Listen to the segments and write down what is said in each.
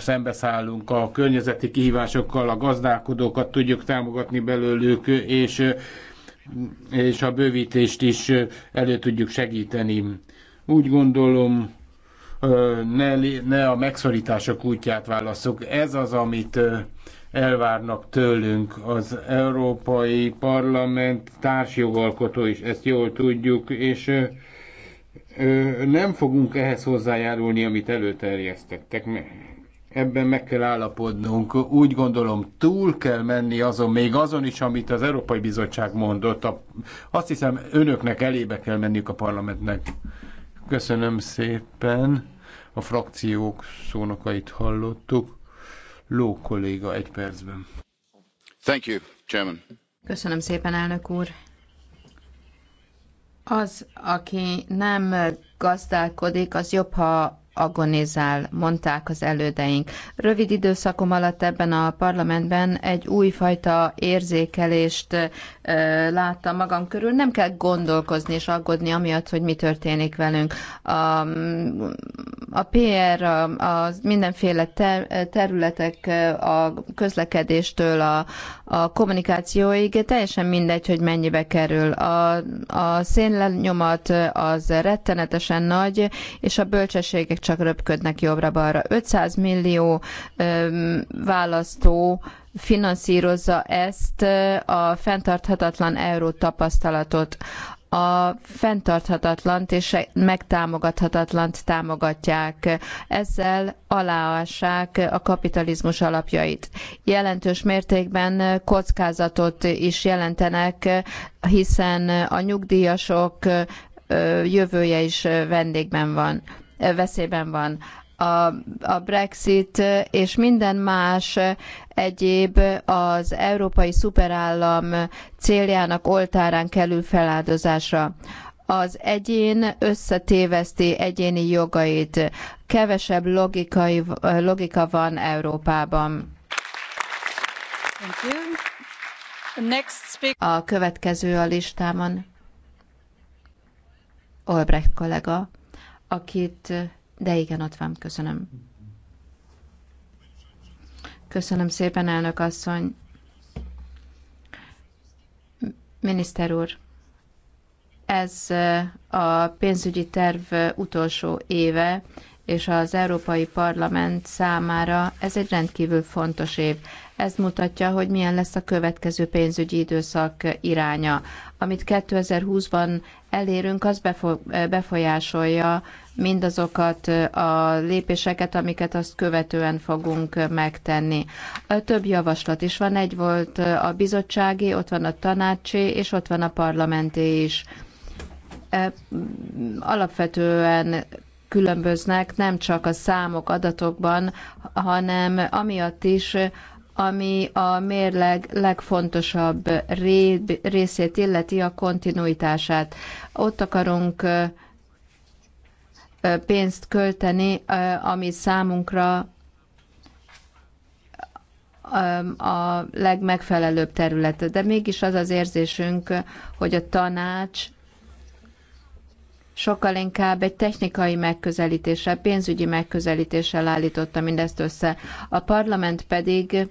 szembeszállunk a környezeti kihívásokkal, a gazdálkodókat tudjuk támogatni belőlük, és, és a bővítést is elő tudjuk segíteni. Úgy gondolom, ne, ne a megszorítások útját válaszok. Ez az, amit elvárnak tőlünk az Európai Parlament társjogalkotó is, ezt jól tudjuk, és nem fogunk ehhez hozzájárulni, amit előterjesztettek ebben meg kell állapodnunk. Úgy gondolom, túl kell menni azon, még azon is, amit az Európai Bizottság mondott. A, azt hiszem, önöknek elébe kell menniük a parlamentnek. Köszönöm szépen. A frakciók szónokait hallottuk. Ló kolléga egy percben. Thank you, Chairman. Köszönöm szépen, elnök úr. Az, aki nem gazdálkodik, az jobb, ha agonizál, mondták az elődeink. Rövid időszakom alatt ebben a parlamentben egy újfajta érzékelést láttam magam körül. Nem kell gondolkozni és aggódni amiatt, hogy mi történik velünk. A, a PR, a, a mindenféle ter, területek, a közlekedéstől a, a kommunikációig, teljesen mindegy, hogy mennyibe kerül. A, a szénlenyomat az rettenetesen nagy, és a bölcsességek csak röpködnek jobbra-balra. 500 millió választó finanszírozza ezt a fenntarthatatlan euró tapasztalatot a fenntarthatatlant és megtámogathatatlant támogatják. Ezzel aláássák a kapitalizmus alapjait. Jelentős mértékben kockázatot is jelentenek, hiszen a nyugdíjasok jövője is vendégben van veszélyben van. A, a Brexit és minden más egyéb az európai szuperállam céljának oltárán kerül feláldozásra az egyén összetéveszti egyéni jogait. Kevesebb logikai, logika van Európában. A következő a listámon. Olbrecht kollega akit, de igen, ott van, köszönöm. Köszönöm szépen, elnök asszony. Miniszter úr, ez eh, a pénzügyi terv utolsó éve, és az Európai Parlament számára ez egy rendkívül fontos év. Ez mutatja, hogy milyen lesz a következő pénzügyi időszak iránya. Amit 2020-ban elérünk, az befolyásolja mindazokat a lépéseket, amiket azt követően fogunk megtenni. Több javaslat is van, egy volt a bizottsági, ott van a tanácsi, és ott van a parlamenti is. E, alapvetően különböznek nem csak a számok adatokban, hanem amiatt is, ami a mérleg legfontosabb részét illeti a kontinuitását. Ott akarunk pénzt költeni, ami számunkra a legmegfelelőbb terület. De mégis az az érzésünk, hogy a tanács sokkal inkább egy technikai megközelítéssel, pénzügyi megközelítéssel állította mindezt össze. A parlament pedig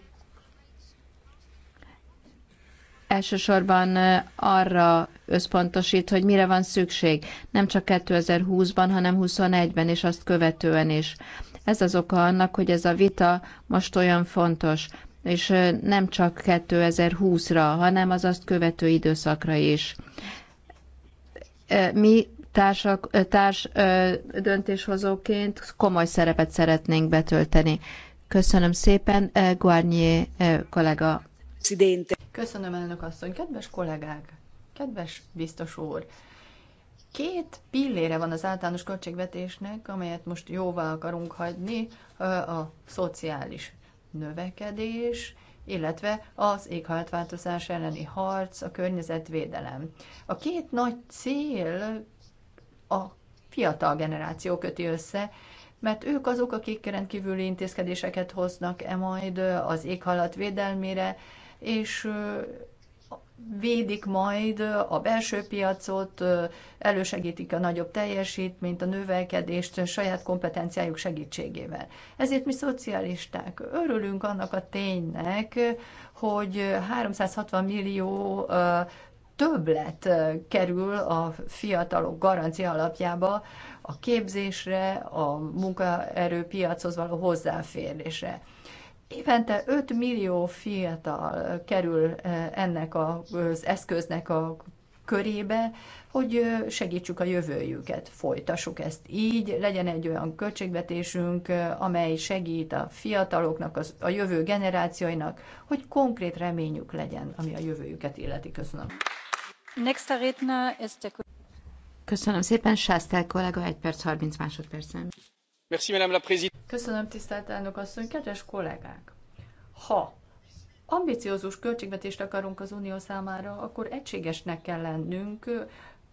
elsősorban arra összpontosít, hogy mire van szükség, nem csak 2020-ban, hanem 21-ben és azt követően is. Ez az oka annak, hogy ez a vita most olyan fontos, és nem csak 2020-ra, hanem az azt követő időszakra is. Mi társak, társ döntéshozóként komoly szerepet szeretnénk betölteni. Köszönöm szépen, Guarnier kollega. Köszönöm, elnök asszony. Kedves kollégák, kedves biztos úr, két pillére van az általános költségvetésnek, amelyet most jóvá akarunk hagyni, a szociális növekedés, illetve az éghajlatváltozás elleni harc, a környezetvédelem. A két nagy cél a fiatal generáció köti össze, mert ők azok, akik rendkívüli intézkedéseket hoznak e majd az éghajlat védelmére, és védik majd a belső piacot, elősegítik a nagyobb teljesítményt, a növelkedést a saját kompetenciájuk segítségével. Ezért mi szocialisták örülünk annak a ténynek, hogy 360 millió többlet kerül a fiatalok garancia alapjába a képzésre, a munkaerőpiachoz való hozzáférésre. Évente 5 millió fiatal kerül eh, ennek az eszköznek a körébe, hogy eh, segítsük a jövőjüket, folytassuk ezt így, legyen egy olyan költségvetésünk, eh, amely segít a fiataloknak, az, a jövő generációinak, hogy konkrét reményük legyen, ami a jövőjüket illeti. Köszönöm. Köszönöm szépen, Sásztel kollega, 1 perc 30 másodpercen. Köszönöm, tisztelt elnök asszony, kedves kollégák! Ha ambiciózus költségvetést akarunk az Unió számára, akkor egységesnek kell lennünk,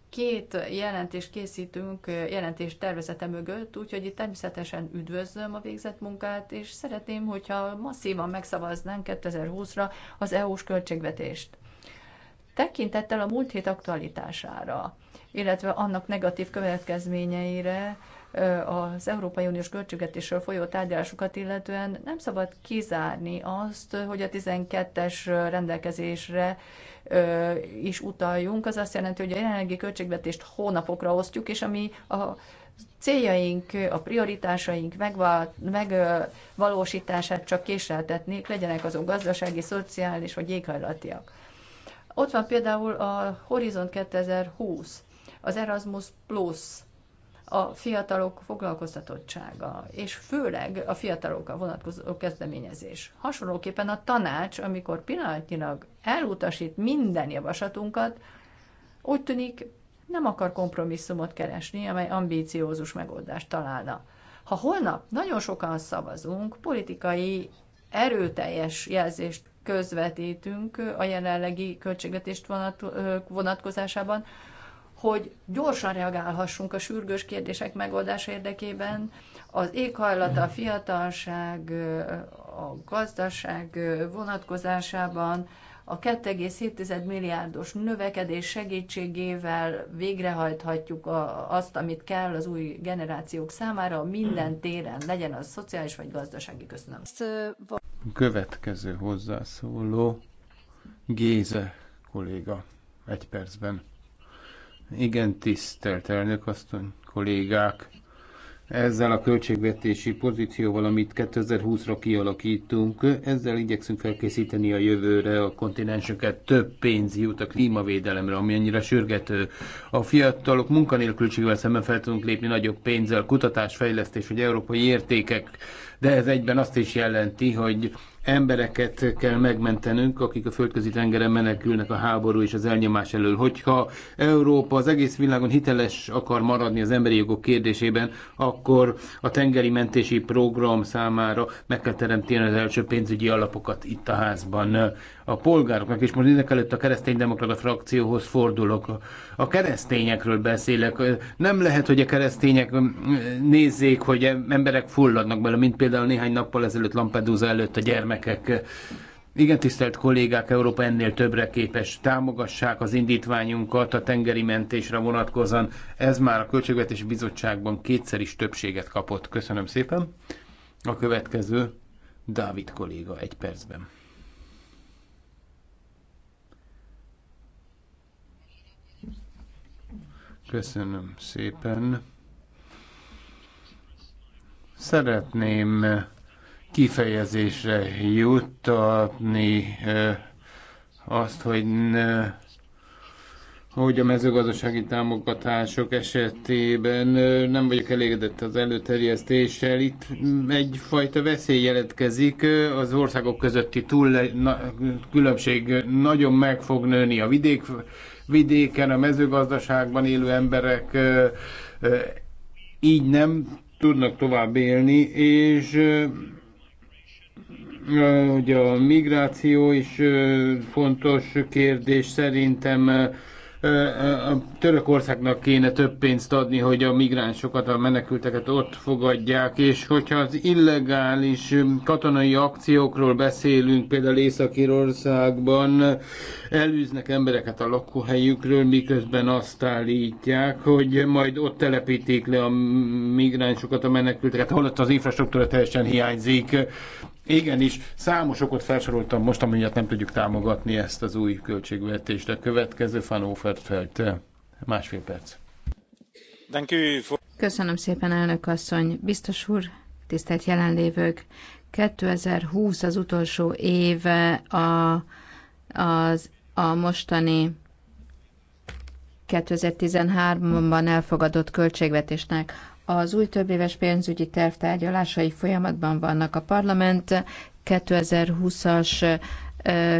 két jelentést készítünk jelentés tervezete mögött, úgyhogy itt természetesen üdvözlöm a végzett munkát, és szeretném, hogyha masszívan megszavaznánk 2020-ra az EU-s költségvetést. Tekintettel a múlt hét aktualitására, illetve annak negatív következményeire, az Európai Uniós költségvetésről folyó tárgyalásokat illetően nem szabad kizárni azt, hogy a 12-es rendelkezésre is utaljunk. Az azt jelenti, hogy a jelenlegi költségvetést hónapokra osztjuk, és ami a céljaink, a prioritásaink megvalósítását csak késleltetnék, legyenek azok gazdasági, szociális vagy éghajlatiak. Ott van például a Horizont 2020, az Erasmus Plus, a fiatalok foglalkoztatottsága, és főleg a fiatalok a vonatkozó kezdeményezés. Hasonlóképpen a tanács, amikor pillanatnyilag elutasít minden javaslatunkat, úgy tűnik nem akar kompromisszumot keresni, amely ambíciózus megoldást találna. Ha holnap nagyon sokan szavazunk, politikai erőteljes jelzést közvetítünk a jelenlegi költségvetést vonatkozásában, hogy gyorsan reagálhassunk a sürgős kérdések megoldása érdekében, az éghajlat, a fiatalság, a gazdaság vonatkozásában, a 2,7 milliárdos növekedés segítségével végrehajthatjuk azt, amit kell az új generációk számára minden téren, legyen az szociális vagy gazdasági. Köszönöm. Következő hozzászóló Géze kolléga egy percben. Igen, tisztelt elnök asszony, kollégák! Ezzel a költségvetési pozícióval, amit 2020-ra kialakítunk, ezzel igyekszünk felkészíteni a jövőre a kontinenseket. Több pénz jut a klímavédelemre, ami annyira sürgető. A fiatalok munkanélkülségvel szemben fel tudunk lépni nagyobb pénzzel, kutatás, fejlesztés vagy európai értékek de ez egyben azt is jelenti, hogy embereket kell megmentenünk, akik a földközi tengeren menekülnek a háború és az elnyomás elől. Hogyha Európa az egész világon hiteles akar maradni az emberi jogok kérdésében, akkor a tengeri mentési program számára meg kell teremteni az első pénzügyi alapokat itt a házban a polgároknak, és most ezek előtt a kereszténydemokrata frakcióhoz fordulok. A keresztényekről beszélek. Nem lehet, hogy a keresztények mm, nézzék, hogy emberek fulladnak bele, mint például néhány nappal ezelőtt Lampedusa előtt a gyermekek. Igen, tisztelt kollégák, Európa ennél többre képes. Támogassák az indítványunkat a tengeri mentésre vonatkozóan. Ez már a Költségvetési Bizottságban kétszer is többséget kapott. Köszönöm szépen. A következő Dávid kolléga egy percben. Köszönöm szépen. Szeretném kifejezésre juttatni eh, azt, hogy ne, hogy a mezőgazdasági támogatások esetében eh, nem vagyok elégedett az előterjesztéssel. Itt egyfajta veszély jelentkezik, eh, az országok közötti túl, különbség nagyon meg fog nőni a vidék vidéken, a mezőgazdaságban élő emberek így nem tudnak tovább élni, és ugye a migráció is fontos kérdés szerintem a Törökországnak kéne több pénzt adni, hogy a migránsokat, a menekülteket ott fogadják, és hogyha az illegális katonai akciókról beszélünk, például Észak-Írországban elűznek embereket a lakóhelyükről, miközben azt állítják, hogy majd ott telepítik le a migránsokat, a menekülteket, holott az infrastruktúra teljesen hiányzik. Igen és számos okot felsoroltam most, amilyet nem tudjuk támogatni ezt az új költségvetést. A következő fanófert felt másfél perc. Köszönöm szépen, elnök asszony. Biztos úr, tisztelt jelenlévők, 2020 az utolsó éve a, az, a mostani 2013-ban elfogadott költségvetésnek. Az új többéves pénzügyi terv tárgyalásai folyamatban vannak. A parlament 2020-as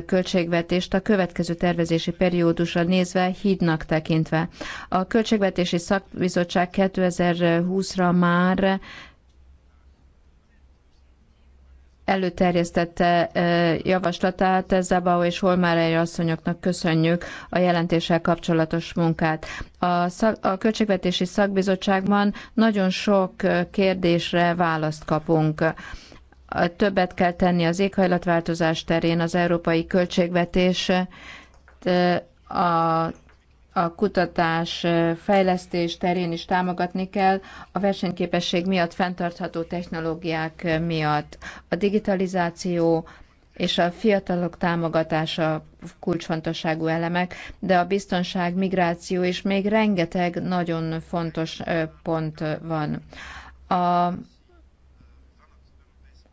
költségvetést a következő tervezési periódusra nézve hídnak tekintve. A Költségvetési Szakbizottság 2020-ra már előterjesztette javaslatát. Bau és Holmárai asszonyoknak köszönjük a jelentéssel kapcsolatos munkát. A, szak, a Költségvetési Szakbizottságban nagyon sok kérdésre választ kapunk többet kell tenni az éghajlatváltozás terén, az európai költségvetés a a kutatás, fejlesztés terén is támogatni kell, a versenyképesség miatt, fenntartható technológiák miatt. A digitalizáció és a fiatalok támogatása kulcsfontosságú elemek, de a biztonság, migráció és még rengeteg nagyon fontos pont van. A,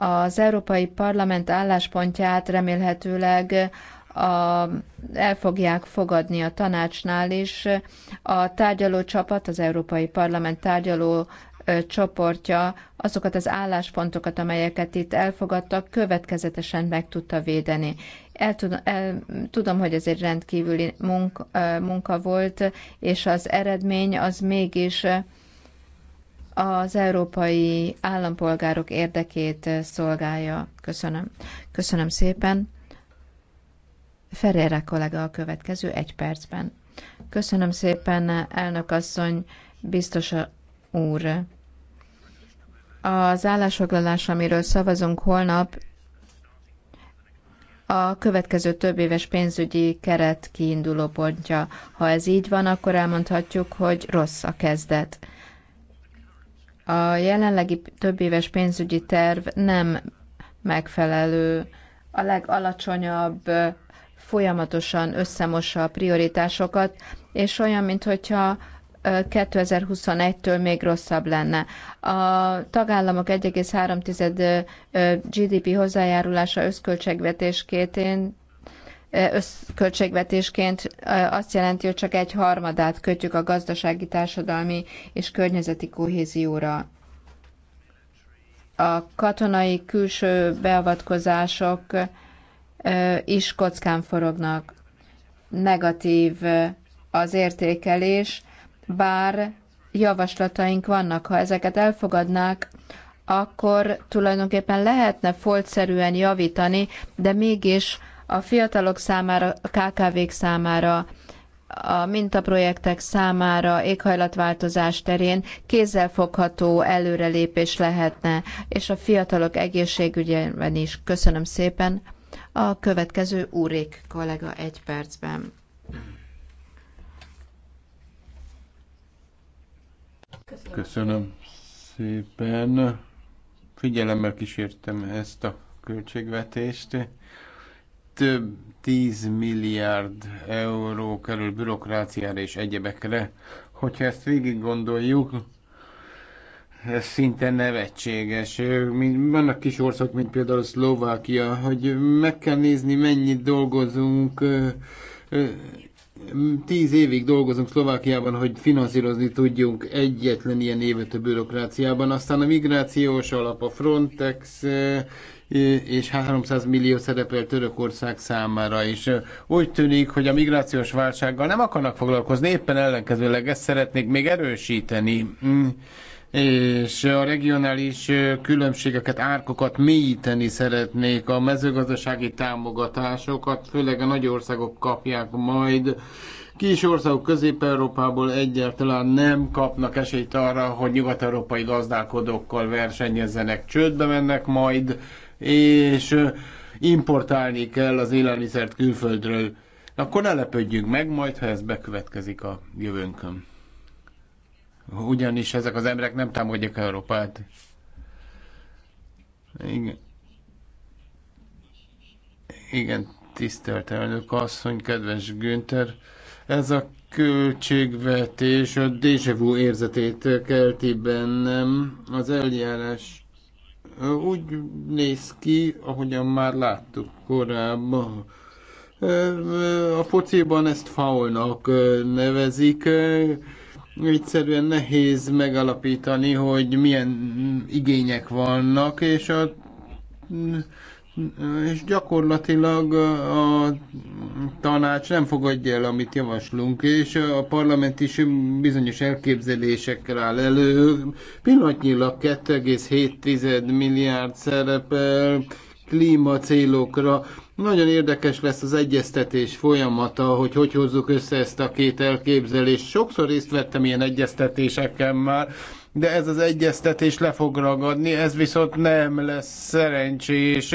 az Európai Parlament álláspontját remélhetőleg a, el fogják fogadni a tanácsnál is. A tárgyaló csapat, az Európai Parlament tárgyaló csoportja azokat az álláspontokat, amelyeket itt elfogadtak, következetesen meg tudta védeni. El, tud, el, tudom, hogy ez egy rendkívüli munka, munka volt, és az eredmény az mégis az európai állampolgárok érdekét szolgálja. Köszönöm. Köszönöm szépen. Ferreira kollega a következő egy percben. Köszönöm szépen, elnök asszony, biztos úr. Az állásfoglalás, amiről szavazunk holnap, a következő több éves pénzügyi keret kiinduló pontja. Ha ez így van, akkor elmondhatjuk, hogy rossz a kezdet. A jelenlegi több éves pénzügyi terv nem megfelelő, a legalacsonyabb folyamatosan összemossa a prioritásokat, és olyan, mintha 2021-től még rosszabb lenne. A tagállamok 1,3 GDP hozzájárulása összköltségvetésként összköltségvetésként azt jelenti, hogy csak egy harmadát kötjük a gazdasági, társadalmi és környezeti kohézióra. A katonai külső beavatkozások is kockán forognak. Negatív az értékelés, bár javaslataink vannak. Ha ezeket elfogadnák, akkor tulajdonképpen lehetne foltszerűen javítani, de mégis a fiatalok számára, a KKV-k számára, a mintaprojektek számára éghajlatváltozás terén kézzelfogható előrelépés lehetne, és a fiatalok egészségügyében is. Köszönöm szépen. A következő Úrék kollega egy percben. Köszönöm, szépen. Figyelemmel kísértem ezt a költségvetést. Több 10 milliárd euró kerül bürokráciára és egyebekre. Hogyha ezt végig gondoljuk, ez szinte nevetséges. Vannak kis országok, mint például Szlovákia, hogy meg kell nézni, mennyit dolgozunk. Tíz évig dolgozunk Szlovákiában, hogy finanszírozni tudjunk egyetlen ilyen évet a bürokráciában. Aztán a migrációs alap, a Frontex, és 300 millió szerepel Törökország számára is. Úgy tűnik, hogy a migrációs válsággal nem akarnak foglalkozni, éppen ellenkezőleg ezt szeretnék még erősíteni. Mm és a regionális különbségeket, árkokat mélyíteni szeretnék. A mezőgazdasági támogatásokat főleg a nagy országok kapják majd. Kis országok Közép-Európából egyáltalán nem kapnak esélyt arra, hogy nyugat-európai gazdálkodókkal versenyezzenek. Csődbe mennek majd, és importálni kell az élelmiszert külföldről. Akkor ne lepődjünk meg majd, ha ez bekövetkezik a jövőnkön ugyanis ezek az emberek nem támogatják Európát. Igen. Igen, tisztelt elnök asszony, kedves Günther. Ez a költségvetés a déjà vu érzetét kelti bennem. Az eljárás úgy néz ki, ahogyan már láttuk korábban. A fociban ezt faulnak nevezik egyszerűen nehéz megalapítani, hogy milyen igények vannak, és a és gyakorlatilag a tanács nem fogadja el, amit javaslunk, és a parlament is bizonyos elképzelésekkel áll elő. Pillanatnyilag 2,7 milliárd szerepel klímacélokra, nagyon érdekes lesz az egyeztetés folyamata, hogy hogy hozzuk össze ezt a két elképzelést. Sokszor részt vettem ilyen egyeztetéseken már, de ez az egyeztetés le fog ragadni, ez viszont nem lesz szerencsés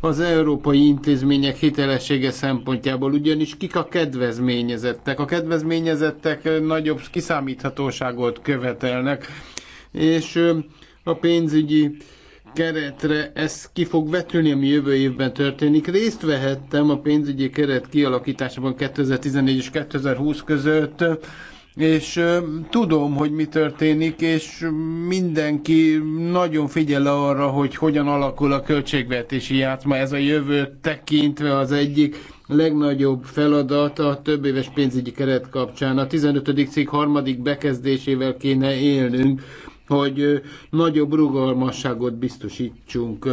az európai intézmények hitelessége szempontjából, ugyanis kik a kedvezményezettek. A kedvezményezettek nagyobb kiszámíthatóságot követelnek, és a pénzügyi keretre ez ki fog vetülni, ami jövő évben történik. Részt vehettem a pénzügyi keret kialakításában 2014 és 2020 között, és tudom, hogy mi történik, és mindenki nagyon figyel arra, hogy hogyan alakul a költségvetési játszma. Ez a jövőt tekintve az egyik legnagyobb feladat a több éves pénzügyi keret kapcsán. A 15. cikk harmadik bekezdésével kéne élnünk, hogy nagyobb rugalmasságot biztosítsunk.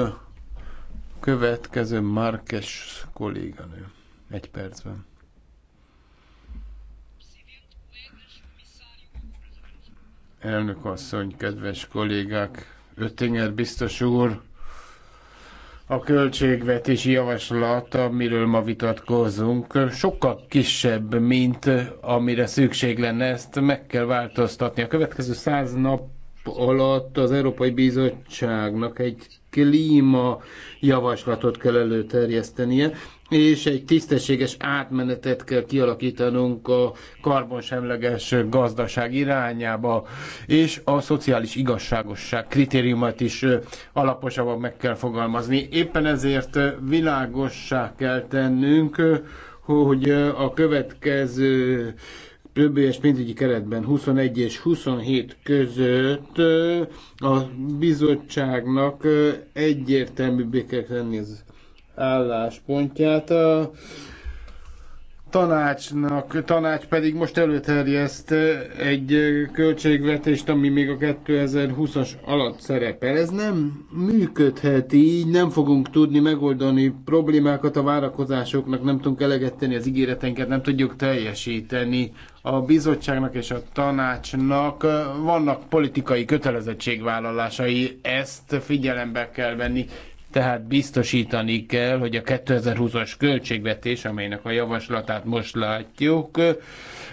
Következő Márkes kolléganő. Egy percben. Elnök asszony, kedves kollégák, Öttinger biztos úr, a költségvetési javaslat, amiről ma vitatkozunk, sokkal kisebb, mint amire szükség lenne, ezt meg kell változtatni. A következő száz nap alatt az Európai Bizottságnak egy klíma javaslatot kell előterjesztenie, és egy tisztességes átmenetet kell kialakítanunk a karbonsemleges gazdaság irányába, és a szociális igazságosság kritériumát is alaposabban meg kell fogalmazni. Éppen ezért világossá kell tennünk, hogy a következő többéves pénzügyi keretben 21 és 27 között a bizottságnak egyértelműbbé kell tenni az álláspontját tanácsnak, tanács pedig most előterjeszt egy költségvetést, ami még a 2020-as alatt szerepel. Ez nem működhet így, nem fogunk tudni megoldani problémákat a várakozásoknak, nem tudunk eleget tenni az ígéretenket, nem tudjuk teljesíteni. A bizottságnak és a tanácsnak vannak politikai kötelezettségvállalásai, ezt figyelembe kell venni. Tehát biztosítani kell, hogy a 2020-as költségvetés, amelynek a javaslatát most látjuk,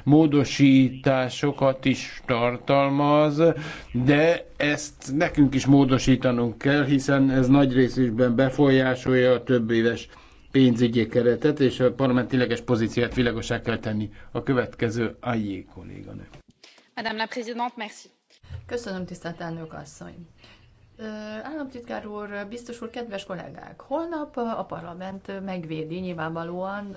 módosításokat is tartalmaz, de ezt nekünk is módosítanunk kell, hiszen ez nagy részben befolyásolja a több éves pénzügyi keretet, és a parlament tényleges pozíciát világosá kell tenni. A következő Ayé kolléganő. Madame la Présidente, merci. Köszönöm, tisztelt elnök asszony. Államtitkár úr, biztos úr, kedves kollégák! Holnap a parlament megvédi nyilvánvalóan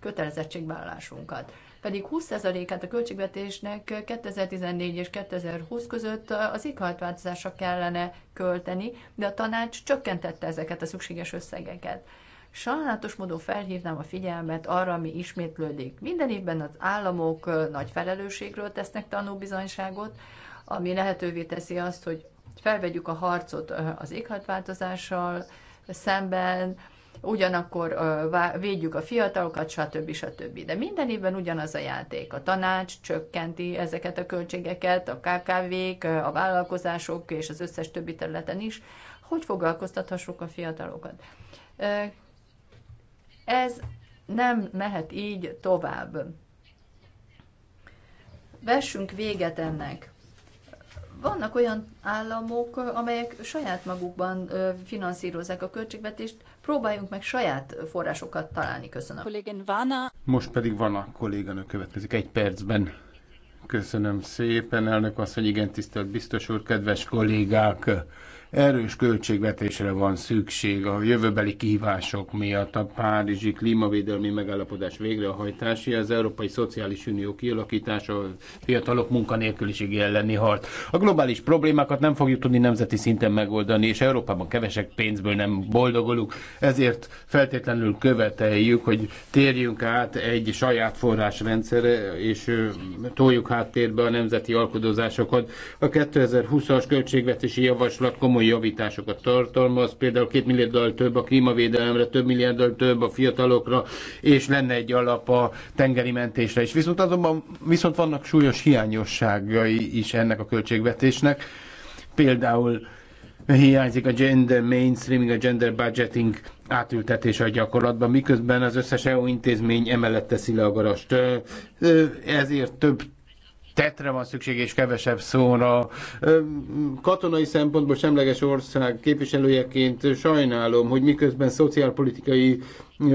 kötelezettségvállalásunkat. Pedig 20%-át a költségvetésnek 2014 és 2020 között az éghajlatváltozásra kellene költeni, de a tanács csökkentette ezeket a szükséges összegeket. Sajnálatos módon felhívnám a figyelmet arra, ami ismétlődik. Minden évben az államok nagy felelősségről tesznek tanúbizonyságot, ami lehetővé teszi azt, hogy felvegyük a harcot az éghajlatváltozással szemben, ugyanakkor védjük a fiatalokat, stb. stb. De minden évben ugyanaz a játék. A tanács csökkenti ezeket a költségeket, a KKV-k, a vállalkozások és az összes többi területen is, hogy foglalkoztathassuk a fiatalokat. Ez nem mehet így tovább. Vessünk véget ennek. Vannak olyan államok, amelyek saját magukban finanszírozzák a költségvetést, próbáljunk meg saját forrásokat találni. Köszönöm. Most pedig van a kolléganő következik egy percben. Köszönöm szépen, elnök asszony, igen, tisztelt biztos úr, kedves kollégák! Erős költségvetésre van szükség a jövőbeli kihívások miatt a Párizsi klímavédelmi megállapodás végrehajtási, az Európai Szociális Unió kialakítása, a fiatalok munkanélküliségi elleni harc. A globális problémákat nem fogjuk tudni nemzeti szinten megoldani, és Európában kevesek pénzből nem boldogulunk, ezért feltétlenül követeljük, hogy térjünk át egy saját forrásrendszerre, és toljuk háttérbe a nemzeti alkodozásokat. A 2020-as költségvetési javaslat komoly komoly javításokat tartalmaz, például két milliárddal több a klímavédelemre, több milliárddal több a fiatalokra, és lenne egy alap a tengeri mentésre is. Viszont azonban viszont vannak súlyos hiányosságai is ennek a költségvetésnek. Például hiányzik a gender mainstreaming, a gender budgeting átültetése a gyakorlatban, miközben az összes EU intézmény emellett teszi le a garast. Ezért több tetre van szükség és kevesebb szóra. Katonai szempontból semleges ország képviselőjeként sajnálom, hogy miközben szociálpolitikai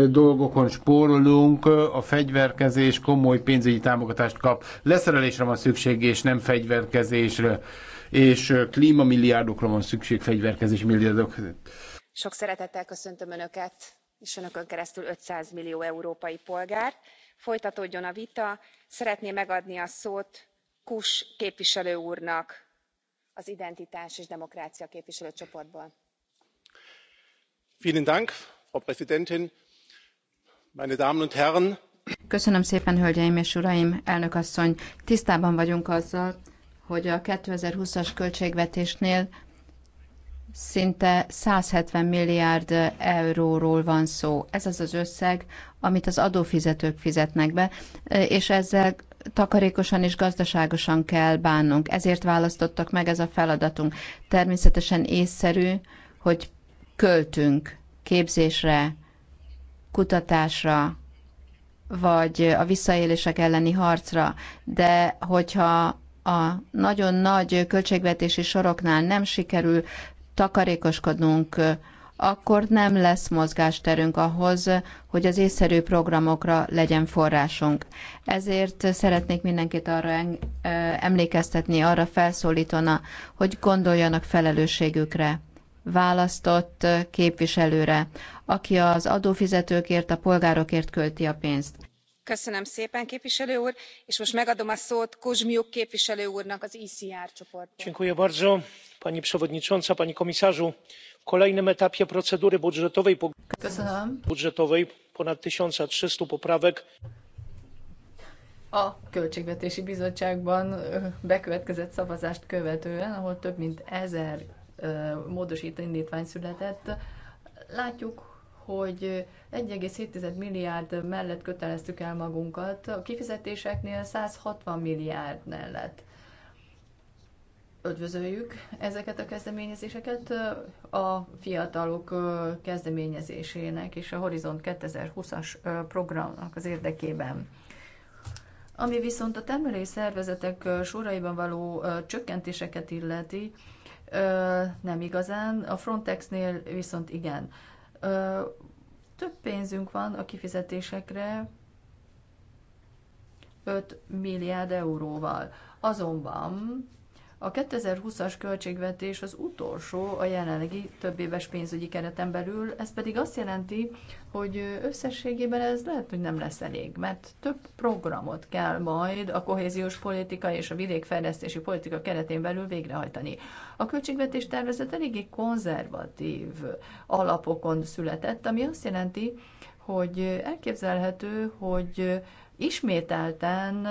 dolgokon spórolunk, a fegyverkezés komoly pénzügyi támogatást kap. Leszerelésre van szükség, és nem fegyverkezésre, és klímamilliárdokra van szükség, fegyverkezés milliárdok. Sok szeretettel köszöntöm Önöket, és Önökön keresztül 500 millió európai polgárt folytatódjon a vita szeretném megadni a szót kush képviselő úrnak az identitás és demokrácia képviselőcsoportból. frau präsidentin meine damen und herren! köszönöm szépen hölgyeim és uraim elnök asszony tisztában vagyunk azzal hogy a two thousand and twenty as költségvetésnél szinte 170 milliárd euróról van szó. Ez az az összeg, amit az adófizetők fizetnek be, és ezzel takarékosan és gazdaságosan kell bánnunk. Ezért választottak meg ez a feladatunk. Természetesen észszerű, hogy költünk képzésre, kutatásra, vagy a visszaélések elleni harcra, de hogyha a nagyon nagy költségvetési soroknál nem sikerül takarékoskodunk, akkor nem lesz mozgásterünk ahhoz, hogy az észszerű programokra legyen forrásunk. Ezért szeretnék mindenkit arra emlékeztetni, arra felszólítana, hogy gondoljanak felelősségükre választott képviselőre, aki az adófizetőkért, a polgárokért költi a pénzt köszönöm szépen képviselő úr és most megadom a szót kuzmiuk képviselő úrnak az ecr csoportból. pani przewodnicząca! panie komisarzu! w kolejnym etapie procedury budżetowej ponad one thousand trzysta poprawek. a költségvetési bizottságban bekövetkezett szavazást követően ahol több mint ezer módostó indtvány született látjuk hogy 1,7 milliárd mellett köteleztük el magunkat, a kifizetéseknél 160 milliárd mellett. Ödvözöljük ezeket a kezdeményezéseket a fiatalok kezdeményezésének és a Horizont 2020-as programnak az érdekében. Ami viszont a termelés szervezetek soraiban való csökkentéseket illeti, nem igazán, a Frontexnél viszont igen több pénzünk van a kifizetésekre, 5 milliárd euróval. Azonban a 2020-as költségvetés az utolsó a jelenlegi több éves pénzügyi kereten belül, ez pedig azt jelenti, hogy összességében ez lehet, hogy nem lesz elég, mert több programot kell majd a kohéziós politika és a vidékfejlesztési politika keretén belül végrehajtani. A költségvetés tervezet eléggé konzervatív alapokon született, ami azt jelenti, hogy elképzelhető, hogy ismételten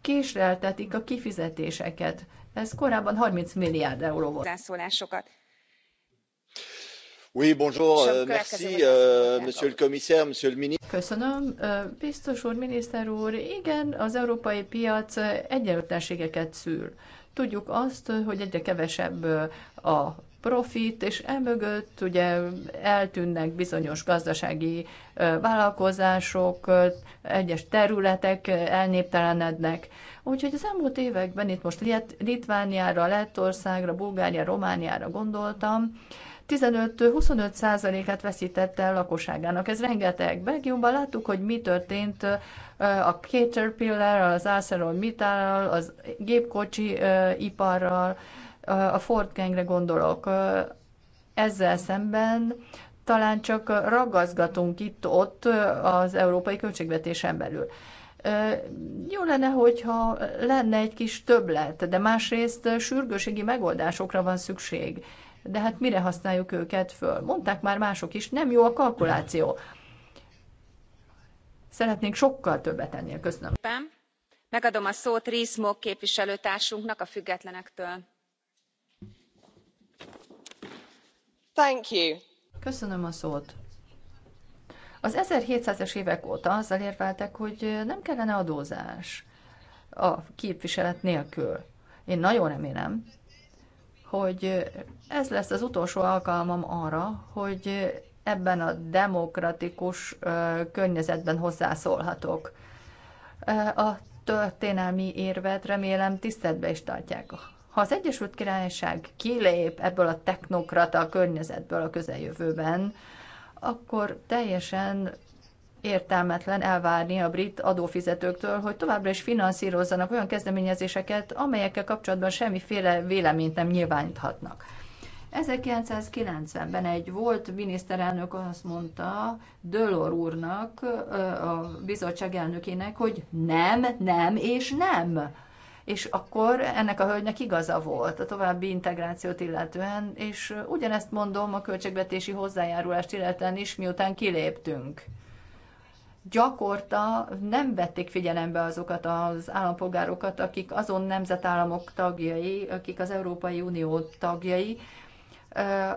késleltetik a kifizetéseket. Ez korábban 30 milliárd euró volt. Euh, euh, Köszönöm, biztos úr, miniszter úr. Igen, az európai piac egyenlőtlenségeket szül. Tudjuk azt, hogy egyre kevesebb a profit, és emögött ugye eltűnnek bizonyos gazdasági vállalkozások, egyes területek elnéptelenednek. Úgyhogy az elmúlt években itt most Litvániára, Lettországra, Bulgária, Romániára gondoltam, 15-25 százalékát veszítette el lakosságának. Ez rengeteg. Belgiumban láttuk, hogy mi történt a Caterpillar, az Mittal, az gépkocsi iparral, a Ford Gangre gondolok. Ezzel szemben talán csak ragaszgatunk itt-ott az európai költségvetésen belül. Jó lenne, hogyha lenne egy kis többlet, de másrészt sürgőségi megoldásokra van szükség de hát mire használjuk őket föl? Mondták már mások is, nem jó a kalkuláció. Szeretnénk sokkal többet ennél. Köszönöm. Megadom a szót Rizmok képviselőtársunknak a függetlenektől. Thank you. Köszönöm a szót. Az 1700-es évek óta azzal érveltek, hogy nem kellene adózás a képviselet nélkül. Én nagyon remélem, hogy ez lesz az utolsó alkalmam arra, hogy ebben a demokratikus környezetben hozzászólhatok. A történelmi érvet remélem tiszteletbe is tartják. Ha az Egyesült Királyság kilép ebből a technokrata környezetből a közeljövőben, akkor teljesen értelmetlen elvárni a brit adófizetőktől, hogy továbbra is finanszírozzanak olyan kezdeményezéseket, amelyekkel kapcsolatban semmiféle véleményt nem nyilváníthatnak. 1990-ben egy volt miniszterelnök azt mondta Dölor úrnak, a bizottság elnökének, hogy nem, nem és nem. És akkor ennek a hölgynek igaza volt a további integrációt illetően, és ugyanezt mondom a költségvetési hozzájárulást illetően is, miután kiléptünk gyakorta nem vették figyelembe azokat az állampolgárokat, akik azon nemzetállamok tagjai, akik az Európai Unió tagjai,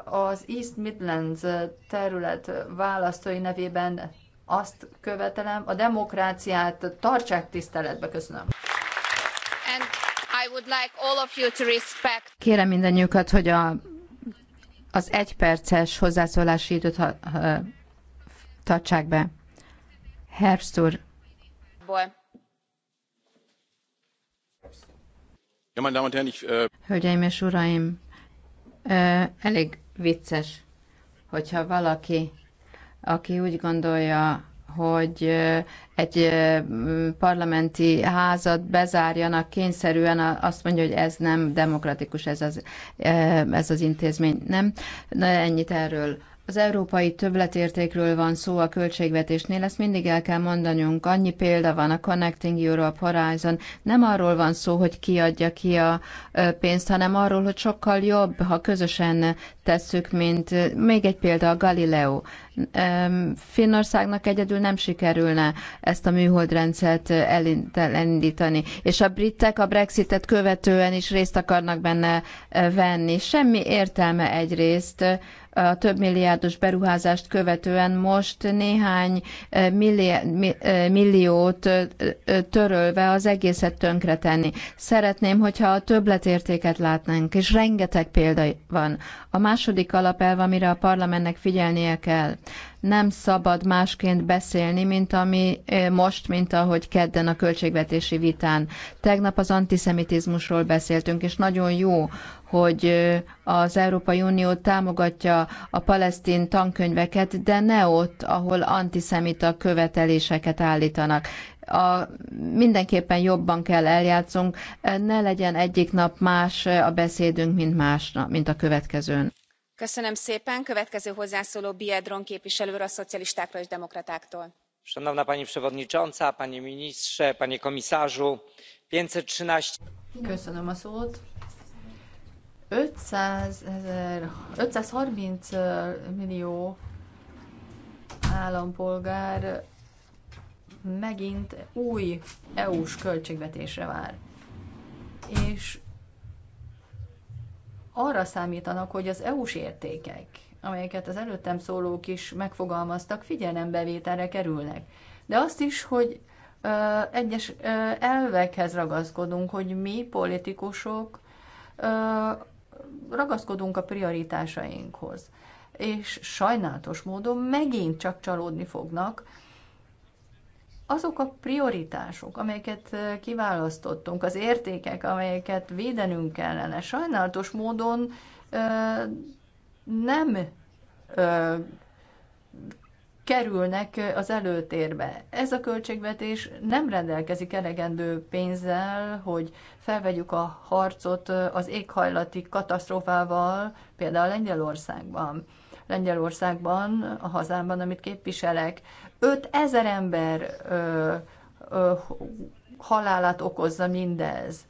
az East Midlands terület választói nevében azt követelem, a demokráciát tartsák tiszteletbe, köszönöm. Like Kérem mindannyiukat, hogy a, az egyperces hozzászólási időt ha, ha, tartsák be. Herbst úr. Äh, Hölgyeim és uraim, elég vicces, hogyha valaki, aki úgy gondolja, hogy egy parlamenti házat bezárjanak kényszerűen, azt mondja, hogy ez nem demokratikus, ez az, ez az intézmény. Nem? Na, ennyit erről. Az európai többletértékről van szó a költségvetésnél, ezt mindig el kell mondanunk. Annyi példa van a Connecting Europe Horizon. Nem arról van szó, hogy ki adja ki a pénzt, hanem arról, hogy sokkal jobb, ha közösen tesszük, mint még egy példa a Galileo. Finnországnak egyedül nem sikerülne ezt a műholdrendszert elindítani, és a britek a Brexitet követően is részt akarnak benne venni. Semmi értelme egyrészt, a több milliárdos beruházást követően most néhány eh, eh, milliót eh, törölve az egészet tönkretenni. Szeretném, hogyha a többletértéket látnánk, és rengeteg példa van. A második alapelv, amire a parlamentnek figyelnie kell, nem szabad másként beszélni, mint ami eh, most, mint ahogy kedden a költségvetési vitán. Tegnap az antiszemitizmusról beszéltünk, és nagyon jó, hogy eh, az Európai Unió támogatja a palesztin tankönyveket, de ne ott, ahol antiszemita követeléseket állítanak a, mindenképpen jobban kell eljátszunk, eh, ne legyen egyik nap más a beszédünk, mint másnap, mint a következőn pani przewodnicząca! panie ministrze! panie komisarzu! five hundred and thirteen five millió állampolgár megint új eu költségvetésre vár és arra számítanak, hogy az EU-s értékek, amelyeket az előttem szólók is megfogalmaztak, figyelembevételre kerülnek. De azt is, hogy ö, egyes ö, elvekhez ragaszkodunk, hogy mi politikusok ö, ragaszkodunk a prioritásainkhoz. És sajnálatos módon megint csak csalódni fognak, azok a prioritások, amelyeket kiválasztottunk, az értékek, amelyeket védenünk kellene, sajnálatos módon ö, nem ö, kerülnek az előtérbe. Ez a költségvetés nem rendelkezik elegendő pénzzel, hogy felvegyük a harcot az éghajlati katasztrófával, például Lengyelországban. Lengyelországban, a hazámban, amit képviselek. 5000 ember ö, ö, halálát okozza mindez.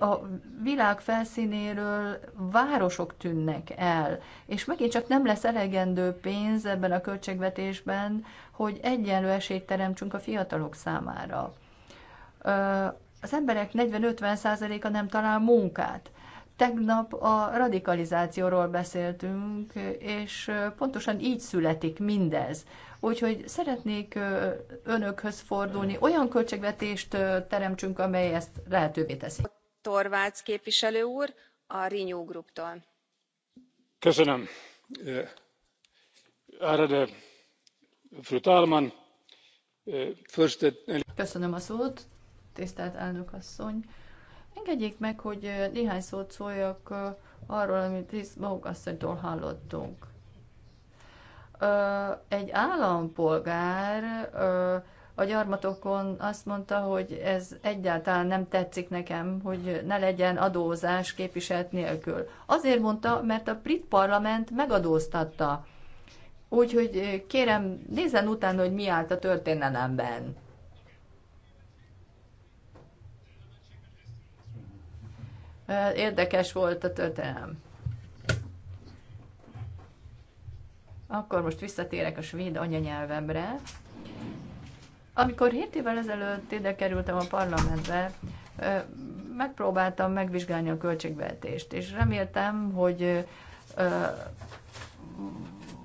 A világ felszínéről városok tűnnek el, és megint csak nem lesz elegendő pénz ebben a költségvetésben, hogy egyenlő esélyt teremtsünk a fiatalok számára. Az emberek 40-50%-a nem talál munkát Tegnap a radikalizációról beszéltünk, és pontosan így születik mindez. Úgyhogy szeretnék önökhöz fordulni, olyan költségvetést teremtsünk, amely ezt lehetővé teszi. Torvács képviselő úr, a Renew Grouptól. Köszönöm. Árade, fru Köszönöm a szót, tisztelt elnök asszony. Engedjék meg, hogy néhány szót szóljak arról, amit Liz Mahukasszonytól hallottunk. Egy állampolgár a gyarmatokon azt mondta, hogy ez egyáltalán nem tetszik nekem, hogy ne legyen adózás képviselt nélkül. Azért mondta, mert a brit parlament megadóztatta. Úgyhogy kérem, nézzen utána, hogy mi állt a történelemben. Érdekes volt a történelem. Akkor most visszatérek a svéd anyanyelvemre. Amikor 7 évvel ezelőtt ide kerültem a parlamentbe, megpróbáltam megvizsgálni a költségvetést, és reméltem, hogy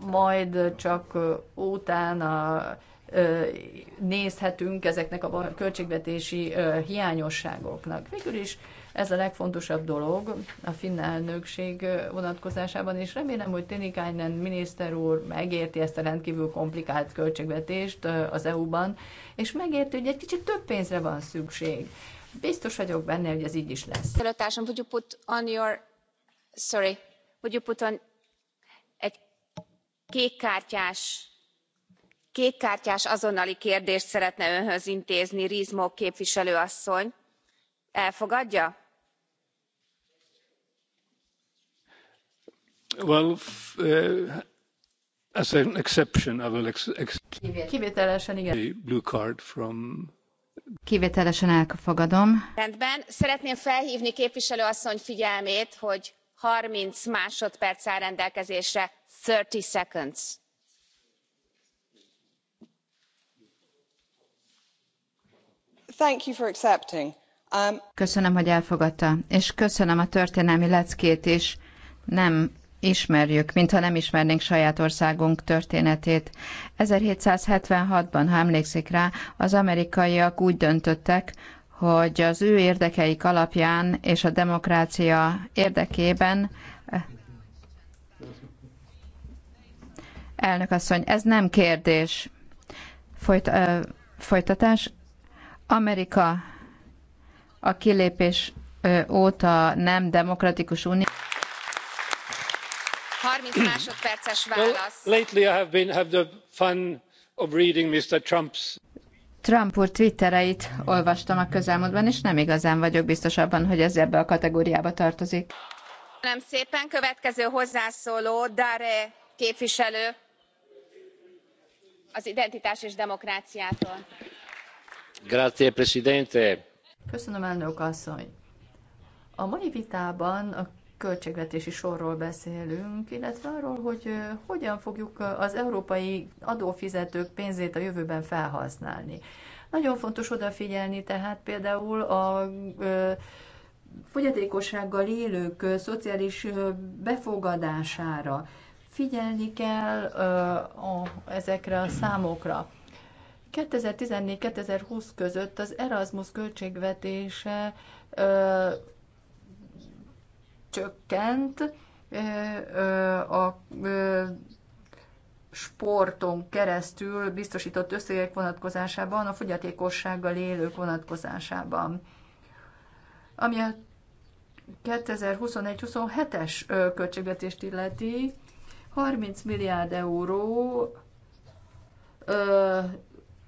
majd csak utána nézhetünk ezeknek a költségvetési hiányosságoknak. Végül is ez a legfontosabb dolog a finn elnökség vonatkozásában, és remélem, hogy Tinikainen miniszter úr megérti ezt a rendkívül komplikált költségvetést az EU-ban, és megérti, hogy egy kicsit több pénzre van szükség. Biztos vagyok benne, hogy ez így is lesz. Előtársam, would you put on your... Sorry. Would you put on egy kártyás kékkártyás azonnali kérdést szeretne önhöz intézni rizmó képviselő asszony elfogadja? Well, eh, an exception, Kivételesen igen. Kivételesen elfogadom. Rendben. Szeretném felhívni képviselő asszony figyelmét, hogy 30 másodperc áll rendelkezésre. thirty seconds Um, köszönöm, hogy elfogadta, és köszönöm a történelmi leckét is. Nem ismerjük, mintha nem ismernénk saját országunk történetét. 1776-ban, ha emlékszik rá, az amerikaiak úgy döntöttek, hogy az ő érdekeik alapján és a demokrácia érdekében Elnök asszony, ez nem kérdés. Folyt, ö, folytatás. Amerika a kilépés óta nem demokratikus unió. 30 másodperces válasz. Well, lately I have been have the fun of reading Mr. Trump's Trump úr twittereit olvastam a közelmúltban, és nem igazán vagyok biztos abban, hogy ez ebbe a kategóriába tartozik. Köszönöm szépen. Következő hozzászóló Dare képviselő az Identitás és Demokráciától. Köszönöm, elnök asszony. A mai vitában a költségvetési sorról beszélünk, illetve arról, hogy hogyan fogjuk az európai adófizetők pénzét a jövőben felhasználni. Nagyon fontos odafigyelni tehát például a fogyatékossággal élők szociális befogadására. Figyelni kell ezekre a számokra. 2014-2020 között az Erasmus költségvetése ö, csökkent ö, ö, a ö, sporton keresztül biztosított összegek vonatkozásában, a fogyatékossággal élők vonatkozásában. Ami a 2021-27-es költségvetést illeti, 30 milliárd euró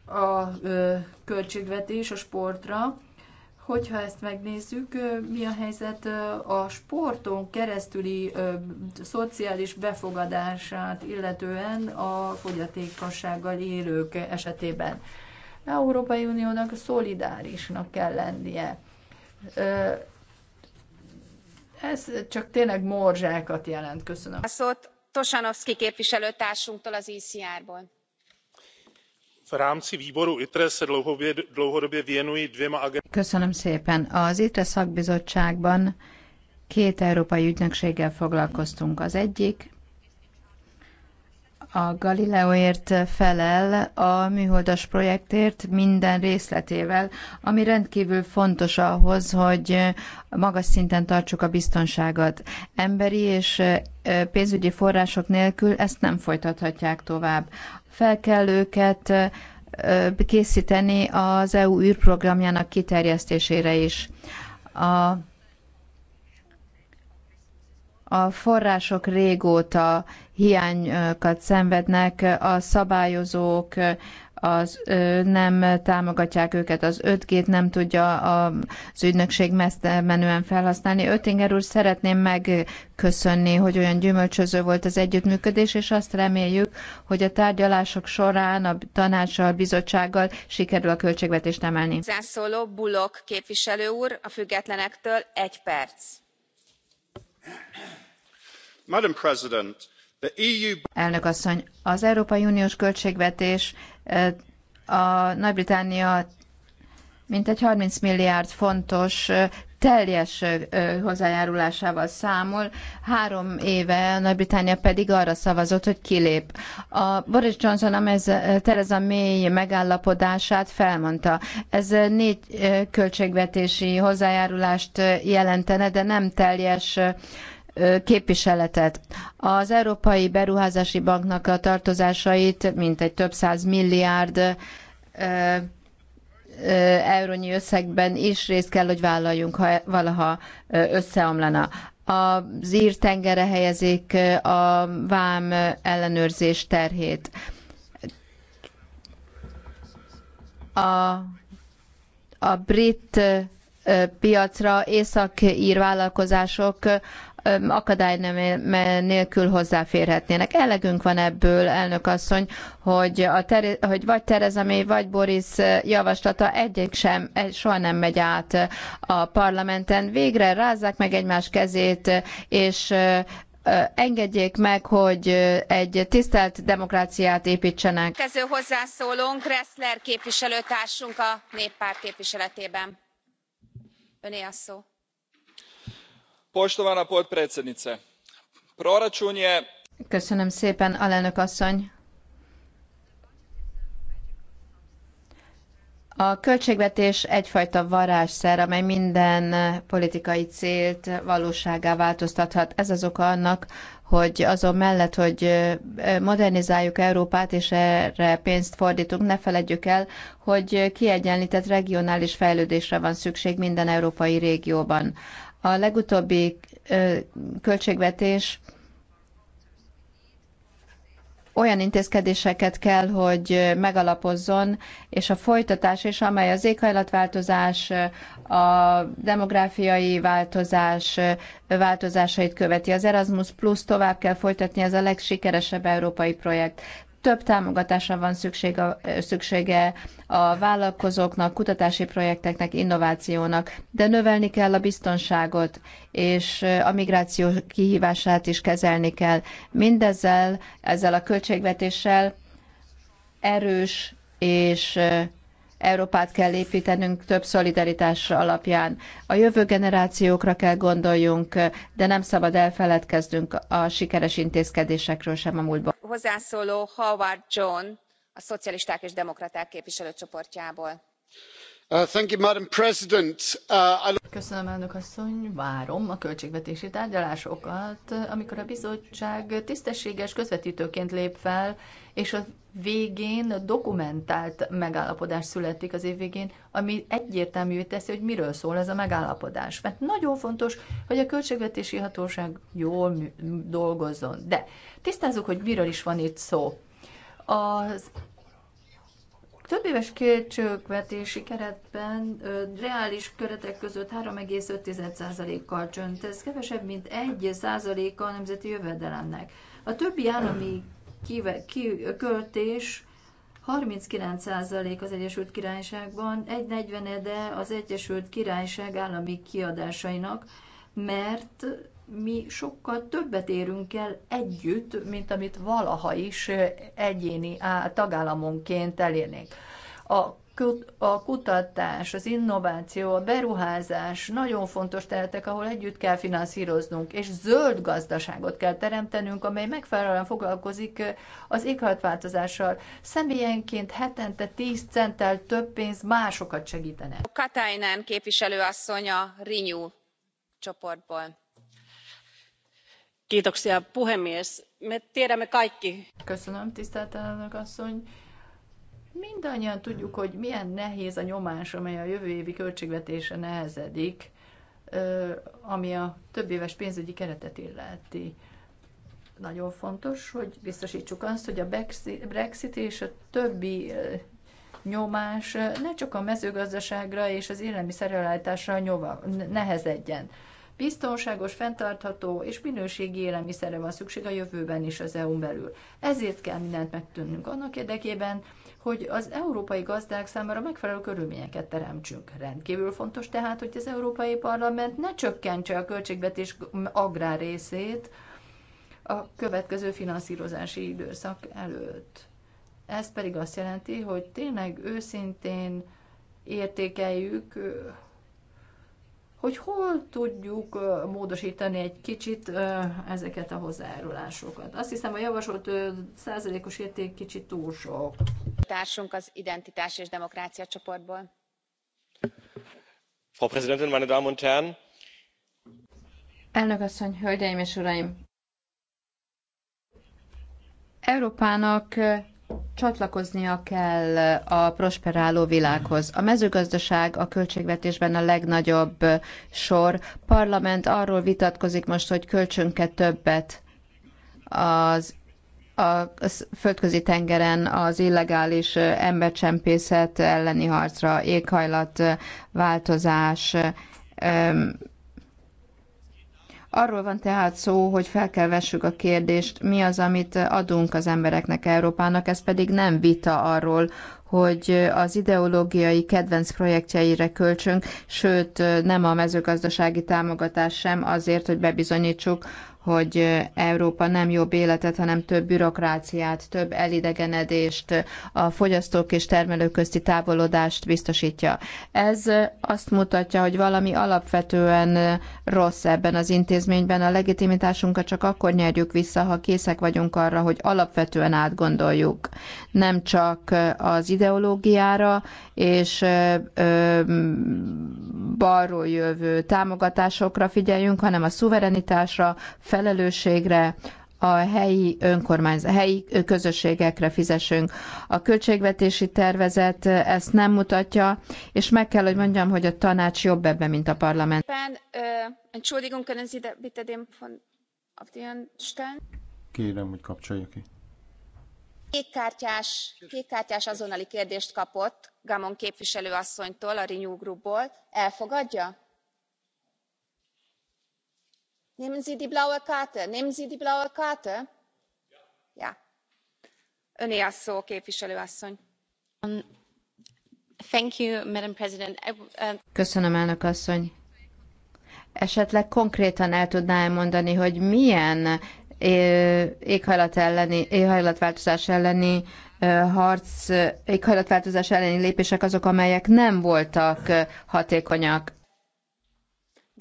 a költségvetés a sportra. Hogyha ezt megnézzük, mi a helyzet a sporton keresztüli szociális befogadását, illetően a fogyatékossággal élők esetében. Európai Uniónak szolidárisnak kell lennie. Ez csak tényleg morzsákat jelent. Köszönöm. A szót Tosanovszki képviselőtársunktól az ICR-ból e v rámci výboru itre se dlouhodobě věnuji dvěma agendám. Köszönöm szépen. Az ITRE szakbizottságban két európai ügynökséggel foglalkoztunk. Az egyik a Galileoért felel a műholdas projektért minden részletével, ami rendkívül fontos ahhoz, hogy magas szinten tartsuk a biztonságot. Emberi és pénzügyi források nélkül ezt nem folytathatják tovább. Fel kell őket készíteni az EU űrprogramjának kiterjesztésére is. A a források régóta hiányokat szenvednek, a szabályozók, az nem támogatják őket, az 5G-t nem tudja az ügynökség menően felhasználni. Öttinger úr, szeretném megköszönni, hogy olyan gyümölcsöző volt az együttműködés, és azt reméljük, hogy a tárgyalások során a tanácssal, a bizottsággal sikerül a költségvetést emelni. Zászóló Bulok képviselő úr, a függetlenektől egy perc. Madam President, Elnök asszony, az Európai Uniós költségvetés eh, a Nagy-Britannia mintegy 30 milliárd fontos eh, teljes eh, hozzájárulásával számol. Három éve Nagy-Britannia pedig arra szavazott, hogy kilép. A Boris Johnson a Theresa May megállapodását felmondta. Ez négy költségvetési hozzájárulást jelentene, de nem teljes képviseletet. Az Európai Beruházási Banknak a tartozásait mintegy több száz milliárd eurónyi összegben is részt kell, hogy vállaljunk, ha valaha összeomlana. Az ír tengere helyezik a vám ellenőrzés terhét. A, a brit piacra észak-ír vállalkozások akadály nélkül hozzáférhetnének. Elegünk van ebből, elnök asszony, hogy, a ter- hogy vagy Tereza May, vagy Boris javaslata egyik sem, soha nem megy át a parlamenten. Végre rázzák meg egymás kezét, és engedjék meg, hogy egy tisztelt demokráciát építsenek. Kező hozzászólónk Ressler képviselőtársunk a néppárt képviseletében. Öné a szó poštovana potpredsjednice proračun je. köszönöm szépen alelnök asszony! A költségvetés egyfajta varázsszer, amely minden politikai célt valóságá változtathat. Ez az oka annak, hogy azon mellett, hogy modernizáljuk Európát, és erre pénzt fordítunk, ne feledjük el, hogy kiegyenlített regionális fejlődésre van szükség minden európai régióban. A legutóbbi költségvetés olyan intézkedéseket kell, hogy megalapozzon, és a folytatás is, amely az éghajlatváltozás, a demográfiai változás változásait követi. Az Erasmus Plus tovább kell folytatni, ez a legsikeresebb európai projekt több támogatásra van szükség a, szüksége a vállalkozóknak, kutatási projekteknek, innovációnak, de növelni kell a biztonságot, és a migráció kihívását is kezelni kell. Mindezzel, ezzel a költségvetéssel erős és Európát kell építenünk több szolidaritás alapján. A jövő generációkra kell gondoljunk, de nem szabad elfeledkeznünk a sikeres intézkedésekről sem a múltban. Hozzászóló Howard John, a Szocialisták és Demokraták képviselőcsoportjából Uh, uh, Köszönöm, elnök asszony. Várom a költségvetési tárgyalásokat, amikor a bizottság tisztességes közvettőként lép fel, és a végén dokumentált megállapodás születik az év végén, ami egyértelművé teszi, hogy miről szól ez a megállapodás. Mert nagyon fontos, hogy a költségvetési hatóság jól dolgozzon. De tisztázzuk, hogy miről is van itt szó. Az több éves költségvetési keretben ö, reális keretek között 3,5%-kal csönt. Ez kevesebb, mint 1%-a a nemzeti jövedelemnek. A többi állami kive, ki, költés 39% az Egyesült Királyságban, 1,40-e az Egyesült Királyság állami kiadásainak, mert mi sokkal többet érünk el együtt, mint amit valaha is egyéni tagállamonként elérnénk. A a kutatás, az innováció, a beruházás nagyon fontos területek, ahol együtt kell finanszíroznunk, és zöld gazdaságot kell teremtenünk, amely megfelelően foglalkozik az éghajlatváltozással. Személyenként hetente 10 centtel több pénz másokat segítene. Katainen képviselőasszony a Renew csoportból arvoisa puhemies. Me tiedämme kaikki. Köszönöm, tisztelt elnök asszony. Mindannyian tudjuk, hogy milyen nehéz a nyomás, amely a jövő évi költségvetésre nehezedik, ami a több éves pénzügyi keretet illeti. Nagyon fontos, hogy biztosítsuk azt, hogy a Brexit és a többi nyomás ne csak a mezőgazdaságra és az élelmiszerellátásra nehezedjen Biztonságos, fenntartható és minőségi élelmiszerre van szükség a jövőben is az EU-n belül. Ezért kell mindent megtennünk annak érdekében, hogy az európai gazdák számára megfelelő körülményeket teremtsünk. Rendkívül fontos tehát, hogy az Európai Parlament ne csökkentse a költségvetés agrár részét a következő finanszírozási időszak előtt. Ez pedig azt jelenti, hogy tényleg őszintén értékeljük hogy hol tudjuk módosítani egy kicsit ezeket a hozzájárulásokat. Azt hiszem, a javasolt százalékos érték kicsit túl sok. Társunk az Identitás és Demokrácia csoportból. Frau Präsidentin, meine Damen und Herren! Elnök asszony, hölgyeim és uraim! Európának csatlakoznia kell a prosperáló világhoz. A mezőgazdaság a költségvetésben a legnagyobb sor. Parlament arról vitatkozik most, hogy költsünk-e többet az a földközi tengeren az illegális embercsempészet elleni harcra, éghajlatváltozás változás, Arról van tehát szó, hogy fel kell vessük a kérdést, mi az, amit adunk az embereknek Európának, ez pedig nem vita arról, hogy az ideológiai kedvenc projektjeire költsünk, sőt nem a mezőgazdasági támogatás sem azért, hogy bebizonyítsuk, hogy Európa nem jobb életet, hanem több bürokráciát, több elidegenedést, a fogyasztók és termelők közti távolodást biztosítja. Ez azt mutatja, hogy valami alapvetően rossz ebben az intézményben. A legitimitásunkat csak akkor nyerjük vissza, ha készek vagyunk arra, hogy alapvetően átgondoljuk. Nem csak az ideológiára és balról jövő támogatásokra figyeljünk, hanem a szuverenitásra, felelősségre, a helyi önkormányzat, a helyi közösségekre fizessünk. A költségvetési tervezet ezt nem mutatja, és meg kell, hogy mondjam, hogy a tanács jobb ebben, mint a parlament. Kérem, hogy kapcsolja ki. Kékkártyás, kékkártyás azonnali kérdést kapott Gamon képviselő asszonytól a Renew Groupból. Elfogadja? nehmen sie die blaue karte nehmen sie die blaue karte? köszönöm elnök asszony! esetleg konkrétan el tudná e mondani hogy milyen éghajlat elleni, éghajlatváltozás elleni harc, éghajlatváltozás elleni lépések azok, amelyek nem voltak hatékonyak.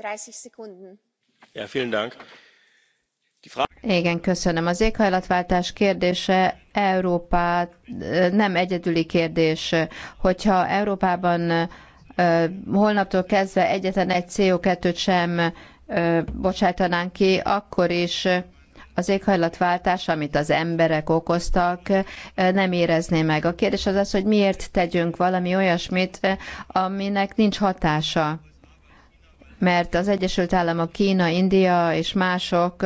30 Sekunden igen, köszönöm. Az éghajlatváltás kérdése Európa nem egyedüli kérdés. Hogyha Európában holnaptól kezdve egyetlen egy CO2-t sem bocsájtanánk ki, akkor is az éghajlatváltás, amit az emberek okoztak, nem érezné meg. A kérdés az az, hogy miért tegyünk valami olyasmit, aminek nincs hatása mert az Egyesült Államok, Kína, India és mások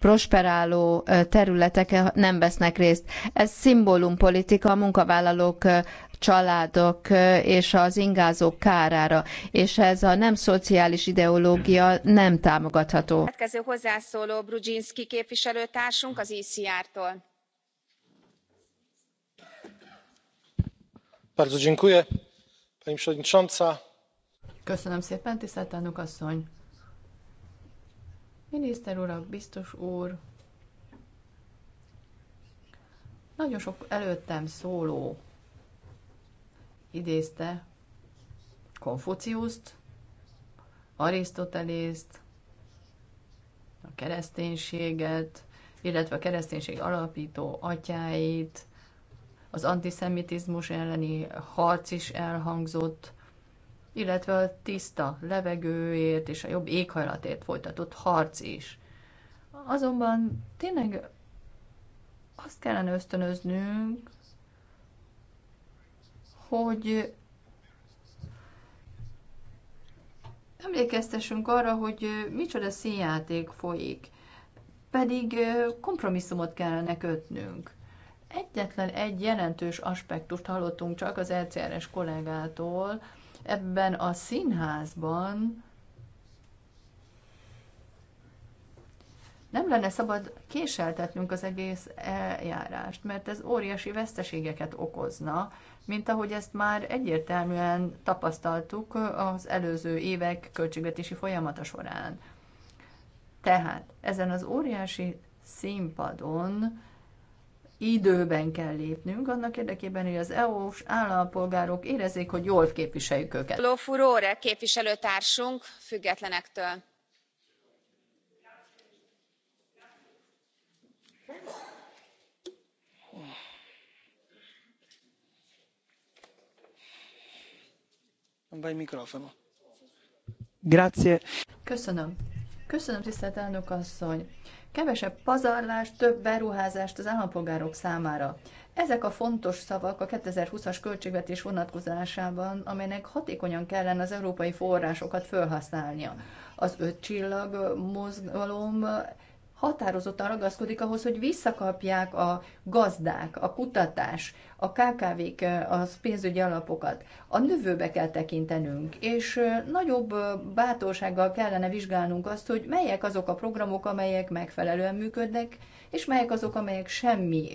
prosperáló területek nem vesznek részt. Ez szimbólumpolitika a munkavállalók, családok és az ingázók kárára, és ez a nem szociális ideológia nem támogatható. Következő hozzászóló Brudzinski képviselőtársunk az ICR-tól. E Bardzo dziękuję. Pani przewodnicząca, Köszönöm szépen, tisztelt elnök asszony! Miniszter urak, biztos úr, nagyon sok előttem szóló idézte Konfuciuszt, Arisztotelészt, a kereszténységet, illetve a kereszténység alapító atyáit, az antiszemitizmus elleni harc is elhangzott, illetve a tiszta levegőért és a jobb éghajlatért folytatott harc is. Azonban tényleg azt kellene ösztönöznünk, hogy emlékeztessünk arra, hogy micsoda színjáték folyik, pedig kompromisszumot kellene kötnünk. Egyetlen egy jelentős aspektust hallottunk csak az LCRS kollégától, Ebben a színházban nem lenne szabad késeltetnünk az egész eljárást, mert ez óriási veszteségeket okozna, mint ahogy ezt már egyértelműen tapasztaltuk az előző évek költségvetési folyamata során. Tehát ezen az óriási színpadon időben kell lépnünk, annak érdekében, hogy az EU-s állampolgárok érezzék, hogy jól képviseljük őket. Ló Furore képviselőtársunk függetlenektől. Vagy mikrofon. Grazie. Köszönöm. Köszönöm, tisztelt elnök asszony! Kevesebb pazarlást, több beruházást az állampolgárok számára. Ezek a fontos szavak a 2020-as költségvetés vonatkozásában, amelynek hatékonyan kellene az európai forrásokat felhasználnia. Az öt csillag mozgalom határozottan ragaszkodik ahhoz, hogy visszakapják a gazdák, a kutatás, a KKV-k, a pénzügyi alapokat. A növőbe kell tekintenünk, és nagyobb bátorsággal kellene vizsgálnunk azt, hogy melyek azok a programok, amelyek megfelelően működnek, és melyek azok, amelyek semmi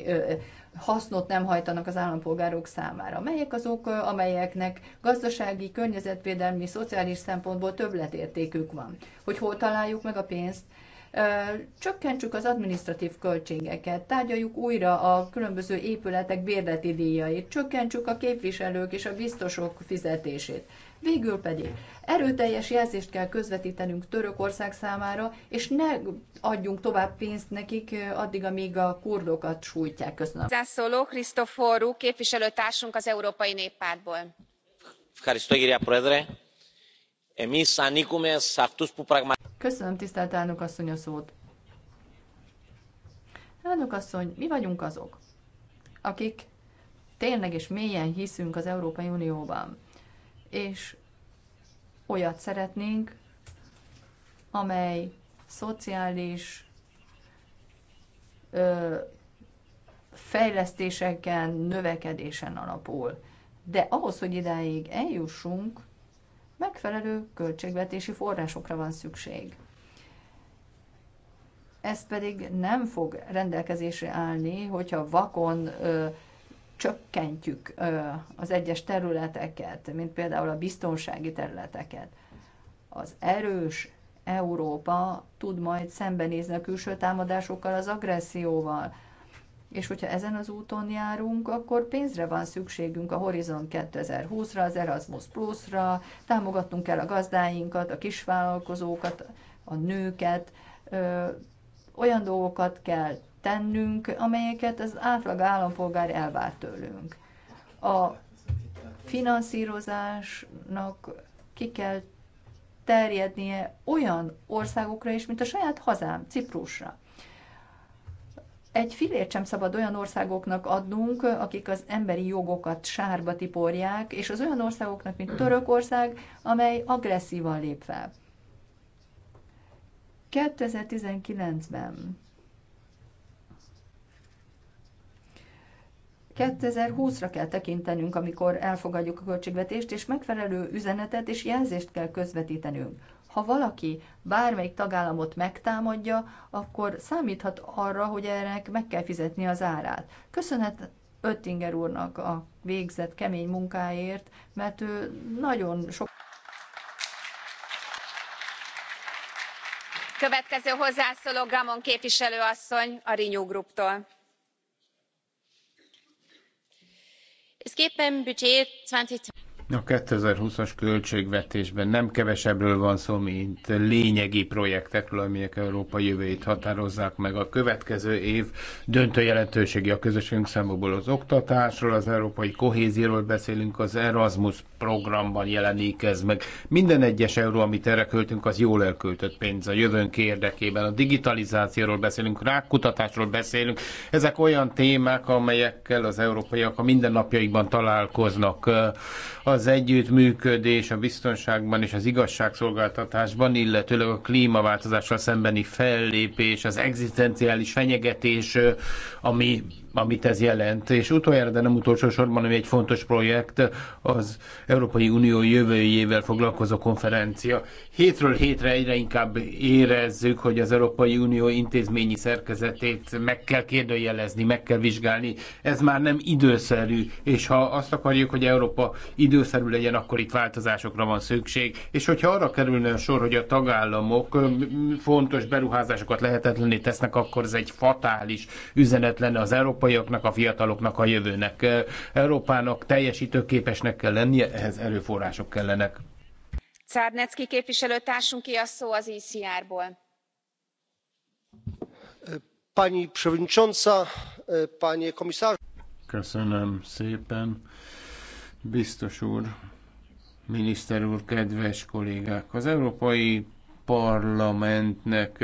hasznot nem hajtanak az állampolgárok számára. Melyek azok, amelyeknek gazdasági, környezetvédelmi, szociális szempontból többletértékük van. Hogy hol találjuk meg a pénzt, Csökkentsük az administratív költségeket, tárgyaljuk újra a különböző épületek bérleti díjait, csökkentsük a képviselők és a biztosok fizetését. Végül pedig erőteljes jelzést kell közvetítenünk Törökország számára, és ne adjunk tovább pénzt nekik addig, amíg a kurdokat sújtják. Köszönöm. Zászóló Krisztoforú képviselőtársunk az Európai Néppártból. Köszönöm, Köszönöm, tisztelt elnök asszony, a szót. Elnök asszony, mi vagyunk azok, akik tényleg és mélyen hiszünk az Európai Unióban, és olyat szeretnénk, amely szociális ö, fejlesztéseken, növekedésen alapul. De ahhoz, hogy idáig eljussunk, megfelelő költségvetési forrásokra van szükség. Ez pedig nem fog rendelkezésre állni, hogyha vakon ö, csökkentjük ö, az egyes területeket, mint például a biztonsági területeket. Az erős Európa tud majd szembenézni a külső támadásokkal, az agresszióval és hogyha ezen az úton járunk, akkor pénzre van szükségünk a Horizon 2020-ra, az Erasmus Plus-ra, támogatnunk kell a gazdáinkat, a kisvállalkozókat, a nőket, ö, olyan dolgokat kell tennünk, amelyeket az átlag állampolgár elvár tőlünk. A finanszírozásnak ki kell terjednie olyan országokra is, mint a saját hazám, Ciprusra egy filért sem szabad olyan országoknak adnunk, akik az emberi jogokat sárba tiporják, és az olyan országoknak, mint Törökország, amely agresszívan lép fel. 2019-ben 2020-ra kell tekintenünk, amikor elfogadjuk a költségvetést, és megfelelő üzenetet és jelzést kell közvetítenünk. Ha valaki bármelyik tagállamot megtámadja, akkor számíthat arra, hogy ennek meg kell fizetni az árát. Köszönhet Öttinger úrnak a végzett kemény munkáért, mert ő nagyon sok... Következő hozzászóló Gamon képviselő asszony a Renew Grouptól. Es geht beim Budget 2020 a 2020-as költségvetésben nem kevesebbről van szó, mint lényegi projektekről, amelyek Európa jövőjét határozzák meg. A következő év döntő jelentőségi a közösségünk számából az oktatásról, az európai kohézióról beszélünk, az Erasmus programban jelenik ez meg. Minden egyes euró, amit erre költünk, az jól elköltött pénz a jövőnk érdekében. A digitalizációról beszélünk, rákutatásról beszélünk. Ezek olyan témák, amelyekkel az európaiak a mindennapjaikban találkoznak. Az az együttműködés a biztonságban és az igazságszolgáltatásban, illetőleg a klímaváltozással szembeni fellépés, az egzisztenciális fenyegetés, ami amit ez jelent. És utoljára, de nem utolsó sorban, ami egy fontos projekt, az Európai Unió jövőjével foglalkozó konferencia. Hétről hétre egyre inkább érezzük, hogy az Európai Unió intézményi szerkezetét meg kell kérdőjelezni, meg kell vizsgálni. Ez már nem időszerű, és ha azt akarjuk, hogy Európa időszerű legyen, akkor itt változásokra van szükség. És hogyha arra kerülne a sor, hogy a tagállamok fontos beruházásokat lehetetlené tesznek, akkor ez egy fatális üzenet lenne az Európa európaiaknak, a fiataloknak, a jövőnek. Európának teljesítőképesnek kell lennie, ehhez erőforrások kellenek. Czárnecki képviselőtársunk ki a szó az ECR ból. Pani przewodnicząca, e, panie komisarz. Köszönöm szépen. Biztos úr, miniszter úr, kedves kollégák! Az Európai Parlamentnek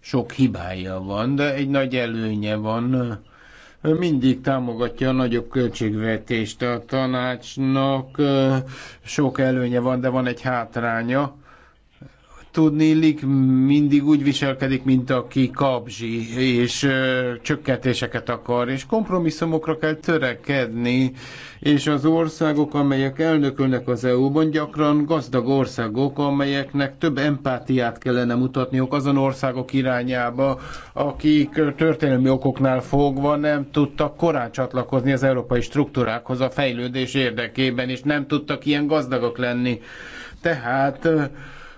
sok hibája van, de egy nagy előnye van, mindig támogatja a nagyobb költségvetést. A tanácsnak sok előnye van, de van egy hátránya tudnélik mindig úgy viselkedik, mint aki kapzsi, és ö, csökkentéseket akar, és kompromisszumokra kell törekedni, és az országok, amelyek elnökölnek az EU-ban, gyakran gazdag országok, amelyeknek több empátiát kellene mutatniuk azon országok irányába, akik történelmi okoknál fogva nem tudtak korán csatlakozni az európai struktúrákhoz a fejlődés érdekében, és nem tudtak ilyen gazdagok lenni. Tehát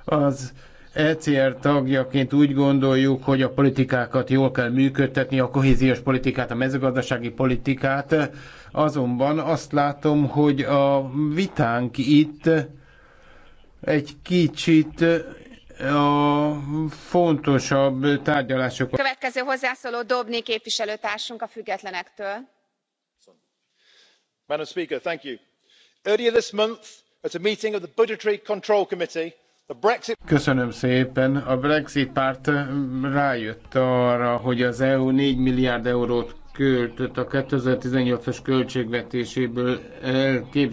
az ECR tagjaként úgy gondoljuk, hogy a politikákat jól kell működtetni, a kohéziós politikát, a mezőgazdasági politikát, azonban azt látom, hogy a vitánk itt egy kicsit a fontosabb tárgyalások. Következő hozzászóló Dobni képviselőtársunk a függetlenektől. Madam Speaker, thank you. Earlier this month, at a meeting of the Budgetary Control Committee, Köszönöm szépen. A Brexit párt mm, rájött arra, hogy az EU 4 milliárd eurót költött a 2018-as költségvetéséből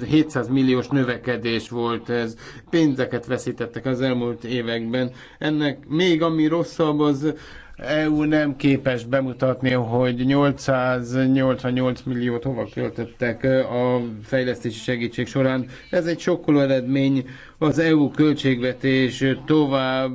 700 e, milliós növekedés volt ez. Pénzeket veszítettek az elmúlt években. Ennek még ami rosszabb az EU nem képes bemutatni, hogy 888 milliót hova költöttek a fejlesztési segítség során. Ez egy sokkoló eredmény az EU költségvetés tovább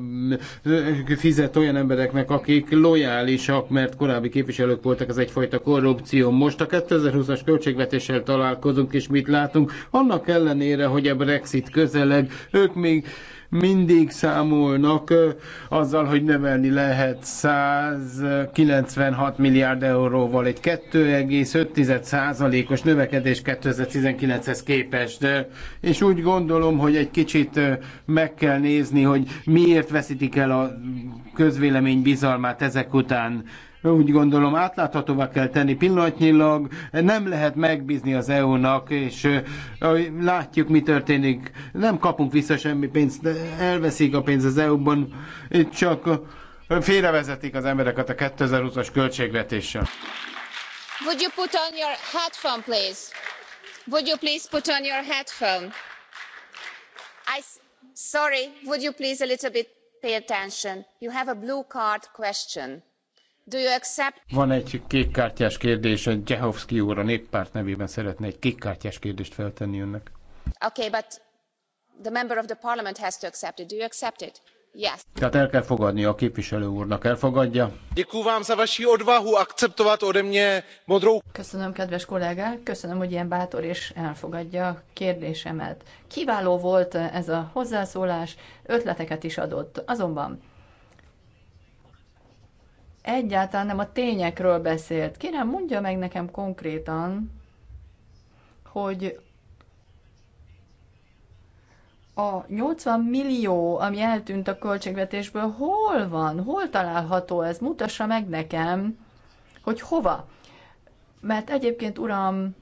fizet olyan embereknek, akik lojálisak, mert korábbi képviselők voltak, ez egyfajta korrupció. Most a 2020-as költségvetéssel találkozunk, és mit látunk? Annak ellenére, hogy a Brexit közeleg, ők még mindig számolnak azzal, hogy növelni lehet 196 milliárd euróval egy 2,5%-os növekedés 2019-hez képest. És úgy gondolom, hogy egy kicsit meg kell nézni, hogy miért veszítik el a közvélemény bizalmát ezek után úgy gondolom átláthatóvá kell tenni pillanatnyilag, nem lehet megbízni az EU-nak, és látjuk, mi történik. Nem kapunk vissza semmi pénzt, elveszik a pénz az EU-ban, csak félrevezetik az embereket a 2020-as költségvetéssel. Would you put on your headphone, please? Would you please put on your headphone? I sorry, would you please a little bit pay attention? You have a blue card question van egy kékkártyás kérdés, Jehovski úr a néppárt nevében szeretne egy kékkártyás kérdést feltenni önnek. Okay, but the member of the parliament has to accept it. Do you accept it? Yes. Tehát el kell fogadni a képviselő úrnak, elfogadja. Köszönöm, kedves kollégák, köszönöm, hogy ilyen bátor és elfogadja a kérdésemet. Kiváló volt ez a hozzászólás, ötleteket is adott, azonban egyáltalán nem a tényekről beszélt. Kérem, mondja meg nekem konkrétan, hogy a 80 millió, ami eltűnt a költségvetésből, hol van, hol található ez? Mutassa meg nekem, hogy hova. Mert egyébként, uram,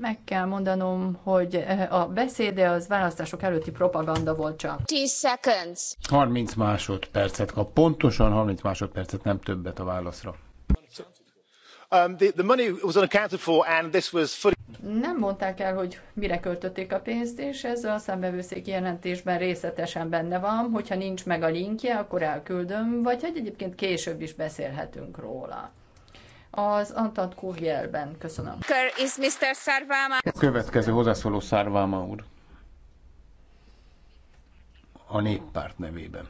meg kell mondanom, hogy eh, a beszéde az választások előtti propaganda volt csak. 10 seconds. 30 másodpercet kap. Pontosan 30 másodpercet, nem többet a válaszra. Nem mondták el, hogy mire költötték a pénzt, és ez a számbevőszéki jelentésben részletesen benne van. Hogyha nincs meg a linkje, akkor elküldöm, vagy hogy egyébként később is beszélhetünk róla az Antant Kurjelben. Köszönöm. Is Mr. Sarvama. Következő hozzászóló Szárváma úr. A néppárt nevében.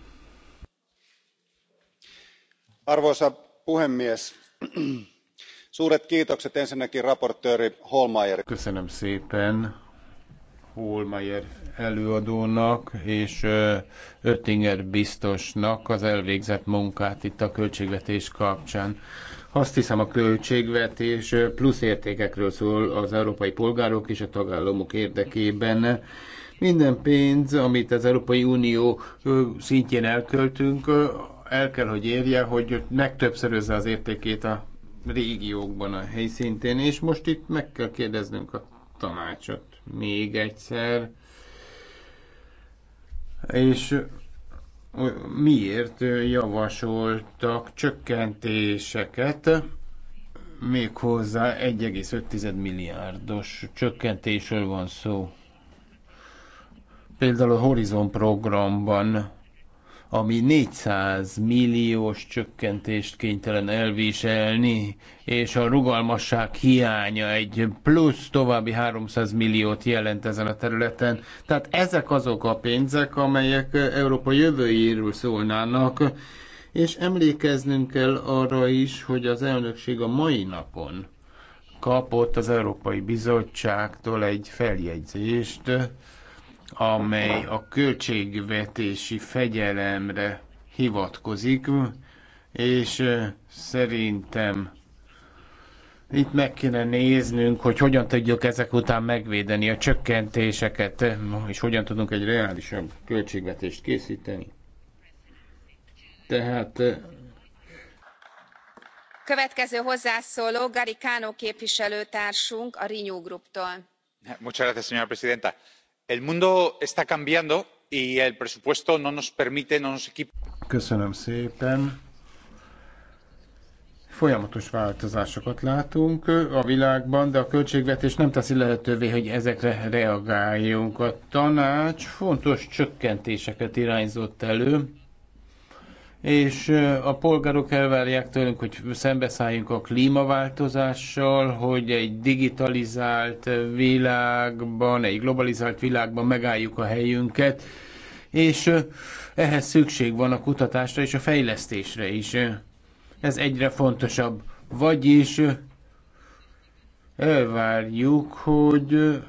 Arvoisa puhemies, suuret kiitokset ensinnäkin raportööri Holmeier. Köszönöm szépen Holmeier előadónak és Öttinger biztosnak az elvégzett munkát itt a költségvetés kapcsán. Azt hiszem a költségvetés plusz értékekről szól az európai polgárok és a tagállamok érdekében. Minden pénz, amit az Európai Unió szintjén elköltünk, el kell, hogy érje, hogy megtöbbszörözze az értékét a régiókban a helyszintén, és most itt meg kell kérdeznünk a tanácsot még egyszer. És miért javasoltak csökkentéseket, méghozzá 1,5 milliárdos csökkentésről van szó. Például a Horizon programban ami 400 milliós csökkentést kénytelen elviselni, és a rugalmasság hiánya egy plusz további 300 milliót jelent ezen a területen. Tehát ezek azok a pénzek, amelyek Európa jövőjéről szólnának, és emlékeznünk kell arra is, hogy az elnökség a mai napon kapott az Európai Bizottságtól egy feljegyzést, amely a költségvetési fegyelemre hivatkozik, és szerintem itt meg kéne néznünk, hogy hogyan tudjuk ezek után megvédeni a csökkentéseket, és hogyan tudunk egy reálisabb költségvetést készíteni. Tehát következő hozzászóló garicano képviselőtársunk a renew gruptól. señora presidenta el mundo está cambiando y el presupuesto no nos permite, no nos equipa. Köszönöm szépen. Folyamatos változásokat látunk a világban, de a költségvetés nem teszi lehetővé, hogy ezekre reagáljunk. A tanács fontos csökkentéseket irányzott elő, és a polgárok elvárják tőlünk, hogy szembeszálljunk a klímaváltozással, hogy egy digitalizált világban, egy globalizált világban megálljuk a helyünket, és ehhez szükség van a kutatásra és a fejlesztésre is. Ez egyre fontosabb. Vagyis elvárjuk, hogy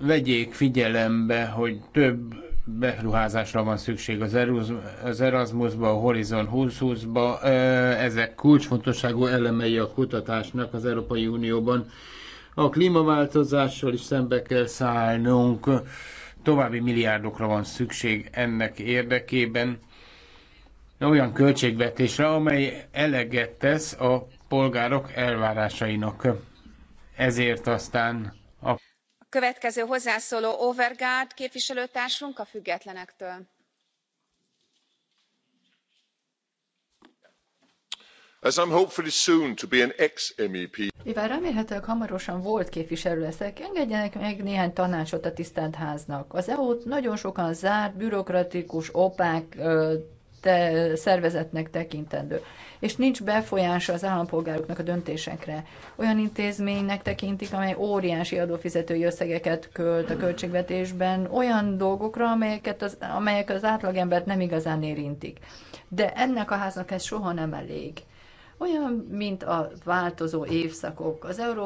vegyék figyelembe, hogy több beruházásra van szükség az Erasmusba, a Horizon 2020-ba. Ezek kulcsfontosságú elemei a kutatásnak az Európai Unióban. A klímaváltozással is szembe kell szállnunk. További milliárdokra van szükség ennek érdekében. Olyan költségvetésre, amely eleget tesz a polgárok elvárásainak. Ezért aztán következő képviselőtársunk a függetlenektől. E mivel remélhetőleg hamarosan volt képviselő leszek engedjenek meg néhány tanácsot a tisztelt háznak. az eu t nagyon sokan zárt bürokratikus opák te, szervezetnek tekintendő. És nincs befolyása az állampolgároknak a döntésekre. Olyan intézménynek tekintik, amely óriási adófizetői összegeket költ a költségvetésben, olyan dolgokra, amelyeket az, amelyek az átlagembert nem igazán érintik. De ennek a háznak ez soha nem elég. Olyan, mint a változó évszakok. Az Euró